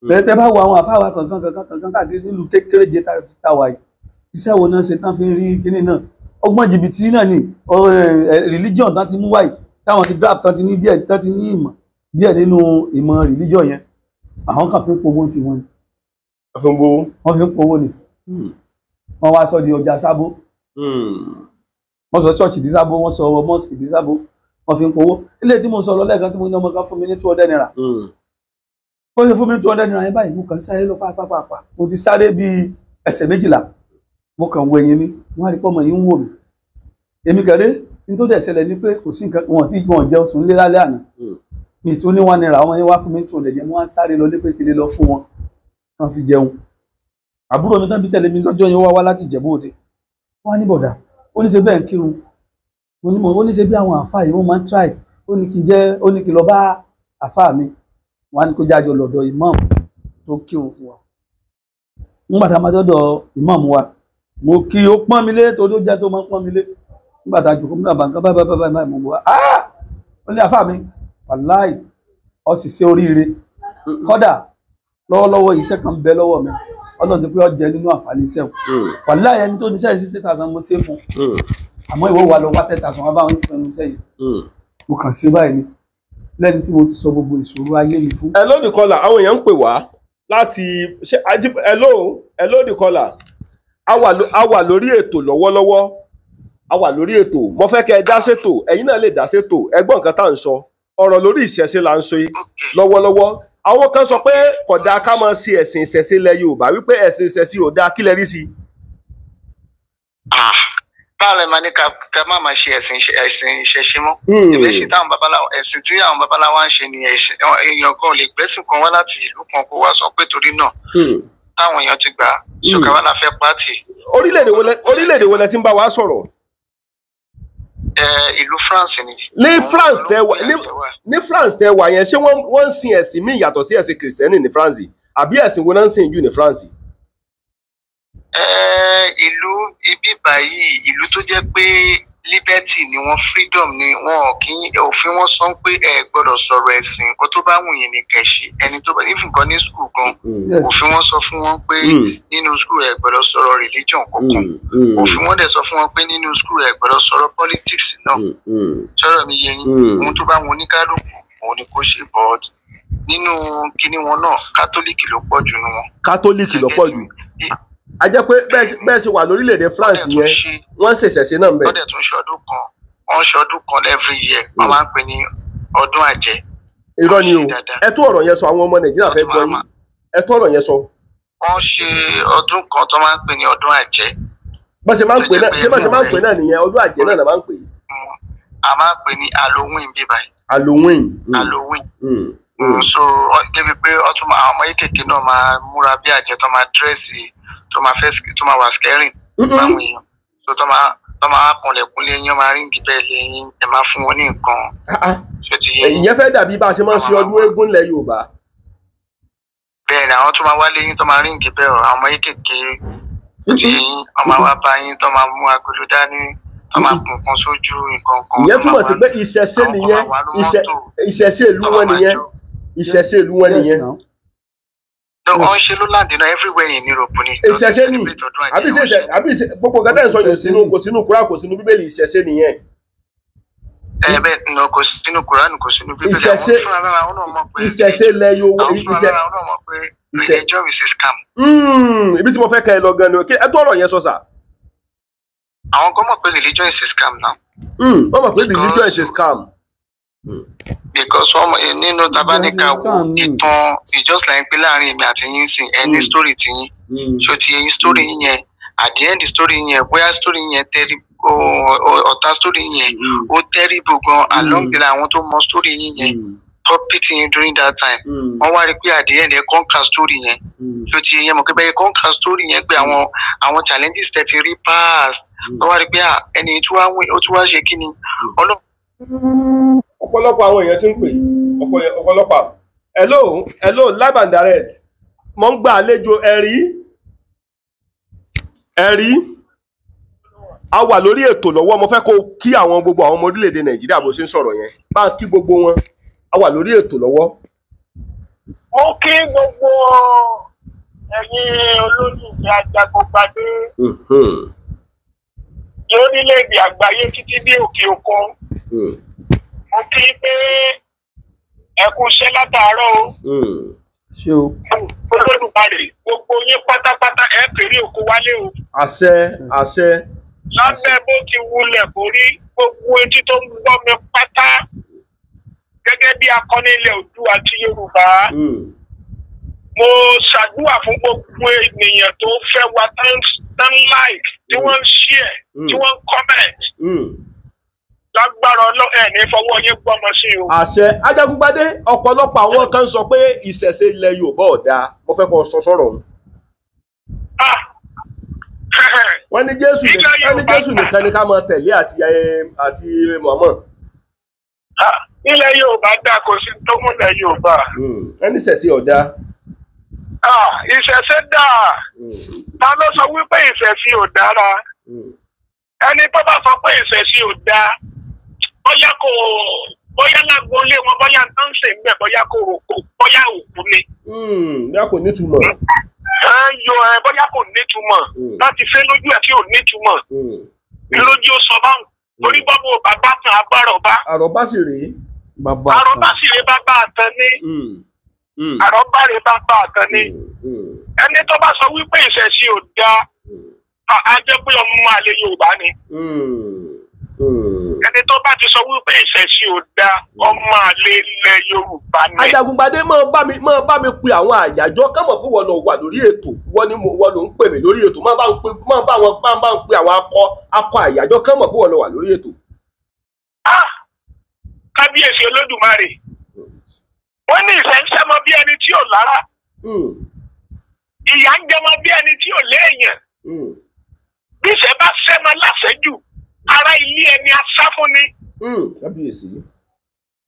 hmm. tẹ́tẹ́ bá wo àwọn àfáwà kankan kankan kankan káàkiri nílùú kékeréje táwa yìí iṣẹ́ wo náà ṣe tán fi ń rí kinní náà ọgbọ́n jìbìtì náà ni eh, religion tán ti mú wáyìí táwọn ti grab tán ti ní díẹ̀ tán ti ní ìmọ̀ díẹ̀ nínú ìmọ̀ religion yẹn àwọn kan fi ń powó ti wọn ni. wọ́n fi ń powó. wọ́n fi ń powó ni. Hmm. wọ́n wá sọ di ọjà sábó. Hmm. wọ́n sọ ṣọ́ọ̀ṣì dí sábó wọ́n sọ mọ́sìkì dí sábó wọ́n fi ń powó. ilé tí mo sọ lọ lẹ́ẹ̀kan tí mo ní ọmọ kan fún mi ní two hundred naira. Hmm. ó ṣe fún mi ní two hundred naira yẹn báyìí mo kàn sáré lọ pàápàá mo ti sáré bíi ẹsẹ̀ méjìlá mo kàn wọ ẹyin ni wọ́n á rí pọ́mọ yìí ń wò mi tí ó ní wọn naira wọn yẹn wá fún mi tún lẹ̀dí mo wá sáré lọ lépè kele lọ fún wọn wọn fi jẹun àbúrò mi tán bí tẹ̀lé mi lọ́jọ́ yẹn wá wá láti Ìjẹ̀bú Òde wọn ní bọ̀dà ó ní ṣe bẹ́ẹ̀ ń kírun mo ní mo ó ní ṣe bí àwọn àáfàá yìí wọ́n máa ń try ó ní kí jẹ́ ó ní kí lọ bá àáfàá mi wọn á ní kó jájọ lọ́dọ̀ imam tó kírun fún wa nígbà tá a máa dọ́dọ̀ imam wa mo kí ó pọ́n mi lé torí ó jẹ́ tó máa ń pọ́n mi lé nígbà tá a jòkó nígbà bàǹkà báyìí báyìí báyìí mo wá ó ní àáfàá mi wàláì ọ sì ṣe oríire kódà lọ́wọ́lọ́wọ́ iṣẹ́ kan bẹ lọ́wọ́ mi Ọlọ́run ti pé ọ jẹ nínú àǹfààní iṣẹ́ o hmm. wàláì ẹni tó níṣẹ́ sixty thousand mo ṣe fún hmm. àmọ́ ìwọ wà lọ wá ten thousand wọn bá wọn fún ẹnu iṣẹ́ yìí hmm. mo kàn sí báyìí ni lẹ́ni tí mo ti sọ gbogbo ìṣòro ayé mi fún. ẹ lóde kọlà àwọn èèyàn ń pè wá láti ṣe ẹ lóde kọlà a wà lórí ètò lọ́wọ́lọ́wọ́ a wà lórí ètò mo fẹ́ kẹ́ ẹ dá sétò ẹ̀yin náà lè dá sétò ẹ nǹkan tá à ń sọ ọ̀rọ̀ lórí ìṣẹ̀ṣe là ń sọ yìí lọ́wọ́lọ́wọ́ àwọn kan sọ pé kódà ká máa ṣe ẹ̀sìn ìṣẹ̀ṣe lẹ Yorùbá wípé ẹ̀sìn ìṣẹ̀ṣe ò dáa kí lẹ rí sí i. báàlẹ̀ máa ní ká má máa ṣe ẹ̀sìn ìṣẹ̀ṣe mọ́ hmm. ìbéṣì táwọn babaláwo ẹ̀sìn tí àwọn babaláwo ń ṣe nìyẹn èèyàn kan ò lè gbẹ́sìn kan wá láti ìlú kan kó wá sọ pé torí náà hmm. táwọn èèyàn ti gbà ṣùkàwá hmm. la fẹ́ pàtì. orílẹ̀-èdè wo lẹ ti ń bá wa sọ̀rọ̀ ìlú France ni. ní France tẹ wà ní France tẹ wà yẹn ṣé wọ́n ń sin ẹ̀sìn míì yàtọ̀ sí ẹ̀sìn kìrìsìtẹ́nì ní France àbí ẹ̀sìn wo náà ń sìn jù ní France. ìlú ibi báyìí ìlú tó jẹ́ pé liberty ni wọ́n freedom ni wọ́n kì í òfin wọn sọ pé ẹ gbọ́dọ̀ sọ̀rọ̀ ẹ̀sìn nǹkan tó bá wù yín ni kẹṣì ẹni tó bá nífun kan ní skul gan òfin wọn sọ fún wọn pé hmm. nínú skul ẹ gbọ́dọ̀ sọ̀rọ̀ religion kankan hmm. Hmm. òfin wọn dẹ̀ sọ fún wọn pé nínú skul ẹ gbọ́dọ̀ sọ̀rọ̀ politics náà sọ̀rọ̀ mi yẹn ohun tó bá wọn oníkálukú òun ni kò ṣe but nínú kinní wọn náà kátólíìkì ló pọ̀ jù nù wọn. kátólíìkì ló pọ̀ jù a jẹ́ pé bẹ́ẹ̀ sì wà lórílẹ̀‐èdè France yẹn wọ́n ṣẹ̀ṣẹ̀ sí náà ń bẹ̀. wọ́n dẹ̀ tún ṣe ọdún kan wọ́n ṣe ọdún kan every year wọ́n máa ń pè ní ọdún àjẹ́. irọ́ ni o ẹ tún ọ̀rọ̀ yẹn sọ àwọn ọmọ Nàìjíríà fẹ́ gbọ́ yín ẹ tún ọ̀rọ̀ yẹn sọ. wọ́n ṣe ọdún kan tó máa ń pè ní ọdún àjẹ́. bá ṣe máa ń pè náà ṣe bá ṣe máa ń pè náà nìyẹn ọdún àjẹ́ náà la máa ń pè. Mm. a máa ń pè ní Halloween bíbáyìí. Halloween. Mm. Halloween. Mm. Hmm, so débi pé àwọn ọmọ náà máa múra bí àjẹ tó máa dírẹ́sì tó máa fẹ́ tó máa wà skẹ́rìn mm-hmm. báwọn èèyàn so tó máa tó máa kànlẹ̀kùn lé yín máa ríǹgì bẹ́ẹ̀ lé yín ẹ̀ máa fún wọn ní nǹkan. Ah, ah. ìyẹn fẹ́ dàbí bá a ṣe máa ṣe ọdún eégún ilẹ̀ Yorùbá. bẹ́ẹ̀ ni àwọn tó máa wá yín tó máa ríǹgì bẹ́ẹ̀ àwọn ọmọ kéékèèké tí ọmọ wa bá yín tó máa mú agolo dání tó máa kùn mm-hmm ìṣẹ̀ṣe ìlú wọn nìyẹn. no wọn ṣe ló láǹdì náà everywhere in Europe ni. ìṣẹ̀ṣe ni àbí ìṣẹ̀ṣe àbí ìṣẹ̀ṣe gbogbo gàdá ìsọ yóò sínú kò sínú kúrà kò sínú bíbélì ìṣẹ̀ṣe nìyẹn. ẹ bẹ nà kò sínú kúránù kò sínú bíbélì àwọn fúnra rárá wọn náà mọ̀ pé ìṣẹ̀ṣe lẹ yóò wọ ìṣẹ religion is a scam. Hmm, ibi tí mo fẹ́ kẹ́ ẹ lọ gan ni ẹ tó ọ̀rọ̀ yẹn sọ sà. àwọn kan pé religion is a scam náà. wọ́n mọ̀ pé religion is a scam because wọn eh, nínú tabanika wo ìtàn ìjọsìn láyé pé láàrin èmi àti yín sìn ẹni mm. story ti yín ṣó mm. ti yẹn story yín mm. yẹn at the end story yẹn bóyá story yẹn tẹ́rí ọ̀tá story yẹn ó tẹ́rí bò along the line àwọn tó mọ story yín yẹn topic yẹn during that time wọ́n wá rí pé at the end ẹ̀ kọ́ńkà story yẹn ṣó ti yẹn mọ̀ pé bẹ́ẹ̀ kọ́ńkà story yẹn pé àwọn àwọn challenges tẹ̀ ti rí past wọ́n wá rí pé ẹni tí wọ́n á ṣe kí ni ọlọ́run ọ̀pọ̀lọpọ̀ àwọn èèyàn ti ń pè ọ̀pọ̀lọpọ̀ hello hello live and direct mo ń gba àlejò ẹ̀rí ẹ̀rí a wà lórí ètò lọ́wọ́ mo fẹ́ kó kí àwọn gbogbo àwọn ọmọ orílẹ̀-èdè nàìjíríà bó ṣe ń sọ̀rọ̀ yẹn bá ń kí gbogbo wọn a wà lórí ètò lọ́wọ́. mo kí gbogbo ẹ̀yin olóyìnbí ajagunpadé lórílẹ̀-èdè mm-hmm. àgbáyé títí dé òkè òkun. Mm mo kí i pé ẹ kú iṣẹ́ látàárọ̀ o. Hmm. ṣé o. olólùbárè gbogbo yín pátápátá ẹ kéré òkú wálé o. àṣẹ àṣẹ. lábẹ́ bó ti wulẹ̀ borí gbogbo etí tó ń gbọ́ mi pátá gẹ́gẹ́ bí akọni ilẹ̀ Oòduà àti Yorùbá. Hmm. mo ṣàdúrà fún gbogbo ènìyàn tó fẹ́ wa tán like tí hmm. wọ́n ń share tí wọ́n ń comment lágbára ẹ ní fọwọ́ yín gbọ́mọ sí o. àṣẹ ajagunpadé ọ̀pọ̀lọpọ̀ àwọn kan sọ pé ìṣẹ̀ṣe ilẹ̀ Yorùbá ọ̀dà mo fẹ́ kọ́ sọ sọ̀rọ̀ o. Ah! wọ́n ní Jésù wọ́n ní Jésù nìkan ni ká máa tẹ̀lé àti àti mọ̀mọ́. Ah! ilẹ̀ Yorùbá dáa kò sí tó múlẹ̀ Yorùbá. ẹni hmm. ìṣẹ̀ṣe ọ̀dà. Ah! ìṣẹ̀ṣe dáa hmm. ta ló sọ wípé ìṣẹ̀ṣe ò dára hmm. ẹni tó bá sọ pé ìṣẹ̀ṣe ò dáa bóyá kò bóyá lágbóńlé wọn bóyá tó ń sè ń bẹ bóyá kò rògbò bóyá òkú ni. Hmm, bóyá kò nítumọ̀. ẹ yọ ẹ bóyá kò nítumọ̀ hmm. láti fẹ́ lójú ẹ̀ tí ò nítumọ̀ hmm. lójú ó sọ báwọn torí bọ́bú bàbá tán abárọ̀bá. àròbá sì rèé bàbá àtàn. àròbá sì rèé bàbá àtàn ni. àròbá rèé bàbá àtàn ni. ẹni tó bá sọ wípé ìṣẹ̀ṣe ò dáa a jẹ́ pé ọmọ àlè Yorùbá ni. Hmm. ẹni tó bá ti sọ wípé ìṣẹ̀ṣe ò da ọmọ àlè ilẹ̀ yorùbá ni. ajagunpadé máa bá mi pe àwọn àyájọ́ kámọ̀ pé wọ́n lọ wà lórí ètò wọ́n ló ń pè mí lórí ètò máa bá wọn máa bá pe àwọn akọ akọ àyájọ́ kámọ̀ pé wọ́n lọ wà lórí ètò. Ah! kábíyèsí olódùmarè ó ní ìṣẹ̀ṣẹ̀ mọ bí ẹni tí ò lára hmm. ìyà ń jẹ bí ẹni tí ò léèyàn hmm. bí ìṣẹ̀ bá sẹ́mọ láṣẹ́jù ara ilé ẹni asá fún ni. Hmm, kábíyèsí.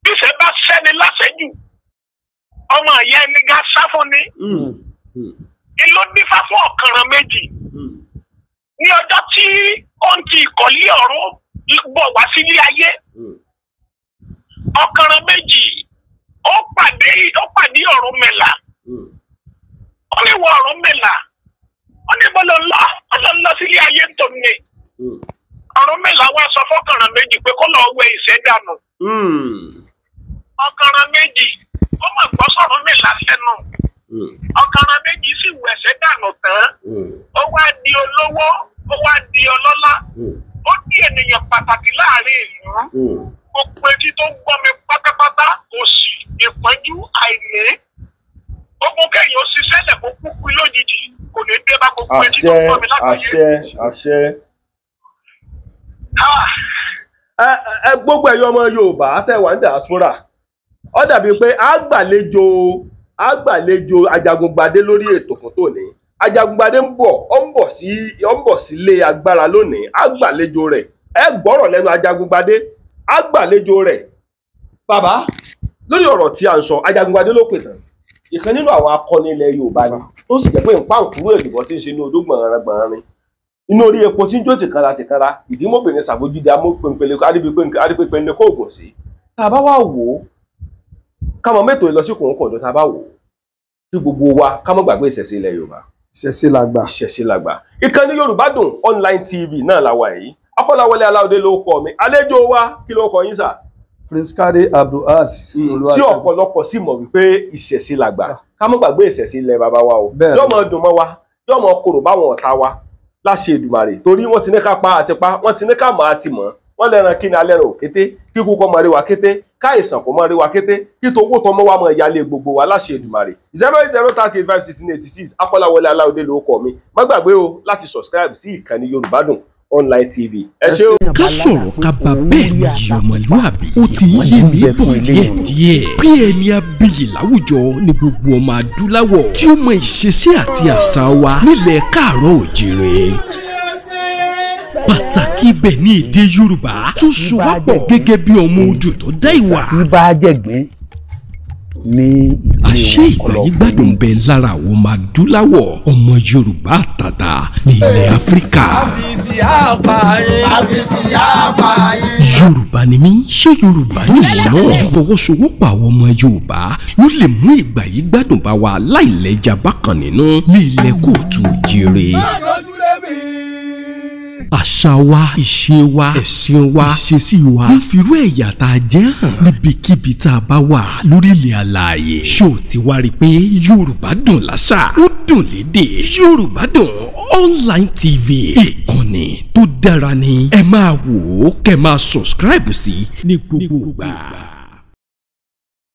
bíṣẹ́ bá sẹ́ni lásẹ̀jù ọmọ ìyá ẹni gá sá fún ni. Hmm, hmm. ìlú dífá fún ọ̀kànràn méjì. ní ọjọ́ tí ó ń ti ìkọ̀lé ọ̀run bọ̀ wá sílé ayé. ọ̀kànràn méjì ó pàdé ó pàdé ọ̀run mẹ́la. ó ní wọ ọ̀run mẹ́la. ó ní bọ́lọ̀ ńlọ sílé ayé tó ní ọ̀rọ̀ mẹ́la wá sọ fọ́kànrán méjì pé kó lọ́ọ́ wẹ ìṣẹ́dànù. Hmm. ọ̀kànrán méjì ó mọ̀ gbọ́ sọ̀rọ̀ mẹ́la sẹ́nu. Hmm. ọ̀kànrán méjì sì wẹ̀ ìṣẹ́dànù tán. Hmm. ó wá di olówó ó wá di ọlọ́lá. ó di ènìyàn pàtàkì láàrin ìlú. gbogbo etí tó gbọ́ mi pátápátá kò sí ìpọ́njú àìní. ó mú kẹ́yìn ó ṣiṣẹ́ lẹ̀ kó kúkú lójijì kò ní dé bá gbogbo etí tó gbọ́ mi lágbàáyé. àṣẹ àṣẹ àṣẹ. Ah, ẹ gbogbo ẹ̀yọ́ ọmọ Yorùbá tẹ̀wá ń dàásúrà ó dàbí pé a gbàlejò a gbàlejò Ajagungbadé lórí ètò fún tòní Ajagungbadé ń bọ̀ ó ń bọ̀ sí ó ń bọ̀ sílé agbára lónìí a gbàlejò rẹ̀ ẹ gbọ́rọ̀ lẹ́nu Ajagungbadé a gbàlejò rẹ̀ bàbá lórí ọ̀rọ̀ tí a ń sọ Ajagungbadé ló pè tán ìkan nínú àwọn akọni ilẹ̀ Yorùbá ni tó sì jẹ́ pé nǹkan àǹkúrú èlùbọ́ tí ń ṣe ní odó gbọ̀nrangbọ̀nrin inú orí epo tí ń jó tìkanra tìkanra ìdí mọ̀pẹ̀ ní ṣàfojúdi amópempele adípẹ́pẹ́ ní kó ògùn sí tá a bá wà wò ó ká mọ mẹ́tò ìlọsíkùn ń kọ̀dọ̀ tá a bá wò ó kí gbogbo wa ká mọ́ gbàgbé ìṣẹ̀ṣe ilẹ̀ yorùbá. ìṣẹ̀ṣe làgbà. ìṣẹ̀ṣe làgbà. ìkànnì yorùbá dùn online tv náà la wà yìí akọ́láwọlé aláwọ̀dé ló kọ mi àlejò wa kí ló kọ yín sà. prince kade abdulaziz hmm, olúwa tí ọ̀pọ̀lọpọ̀ sì mọ̀ wípé ìṣẹ̀ṣe làgbà ah. ká mọ́ gbàgbé ìṣẹ̀ṣe ilẹ̀ láṣẹ Èdùmàrè torí wọ́n ti ní ká pa àtipá wọ́n ti ní ká mọ̀ àti mọ̀ wọ́n lẹ́ran kí ni alẹ́ran òkété kíkú kọ́ mọ̀ rí wa kété káìsàn kò mọ̀ rí wa kété kí towó tọmọ wa mọ̀ ìyálé gbogbo wa láṣẹ Èdùmàrè zero eight zero thirty eight five sixteen eighty six akọ́láwọlé aláwọ̀dé ló kọ́ mi má gbàgbé o láti subscribe sí ìkànnì Yorùbá Dùn online tv. ẹ ṣé o. ká sọ̀rọ̀ ká bá bẹ́ẹ̀ ni yìí ọmọlúwàbí ti ń yé mi bọ̀ díẹ̀díẹ̀ pé ẹni abiyì láwùjọ ni gbogbo ọmọ adúláwọ̀ tí ó mọ ìṣesí àti àṣà wa nílẹ̀ káàárọ̀ òjìrè pàtàkì ibẹ̀ ni èdè yorùbá tó so wá pọ̀ gẹ́gẹ́ bí ọmọ odò tó dá ìwà. tí bá ní àṣé ìgbàyẹ̀gbádùn bẹ lára àwọn ọmọ adúláwọ̀ ọmọ yorùbá àtàtà ní ilẹ̀ áfíríkà. àfìsí àpààyàn àfìsí àpààyàn. yorùbá ni mí ṣé yorùbá ni ìlú náà fọwọ́sowọ́pọ̀ àwọn ọmọ yorùbá ló lè mú ìgbàyẹ̀gbádùn bá wa láìlẹ́jà bákan nínú ní ilẹ̀ kóòtù jíire. báyọ̀ ojúlé mi àṣà wa ìṣe wa ẹ̀sìn wa ìṣesí wa wọ́n fi irú ẹ̀yà tá a jẹ́ hàn níbikíbi tá a bá wà lórílẹ̀ àlàyé ṣó o ti wá rí i pé Yorùbá dùn láṣà ó dùn lédè Yorùbá dùn online tv ìkànnì tó dára ni ẹ máa wò ó kẹ́ máa subscribe sí ní gbogbo ìgbà.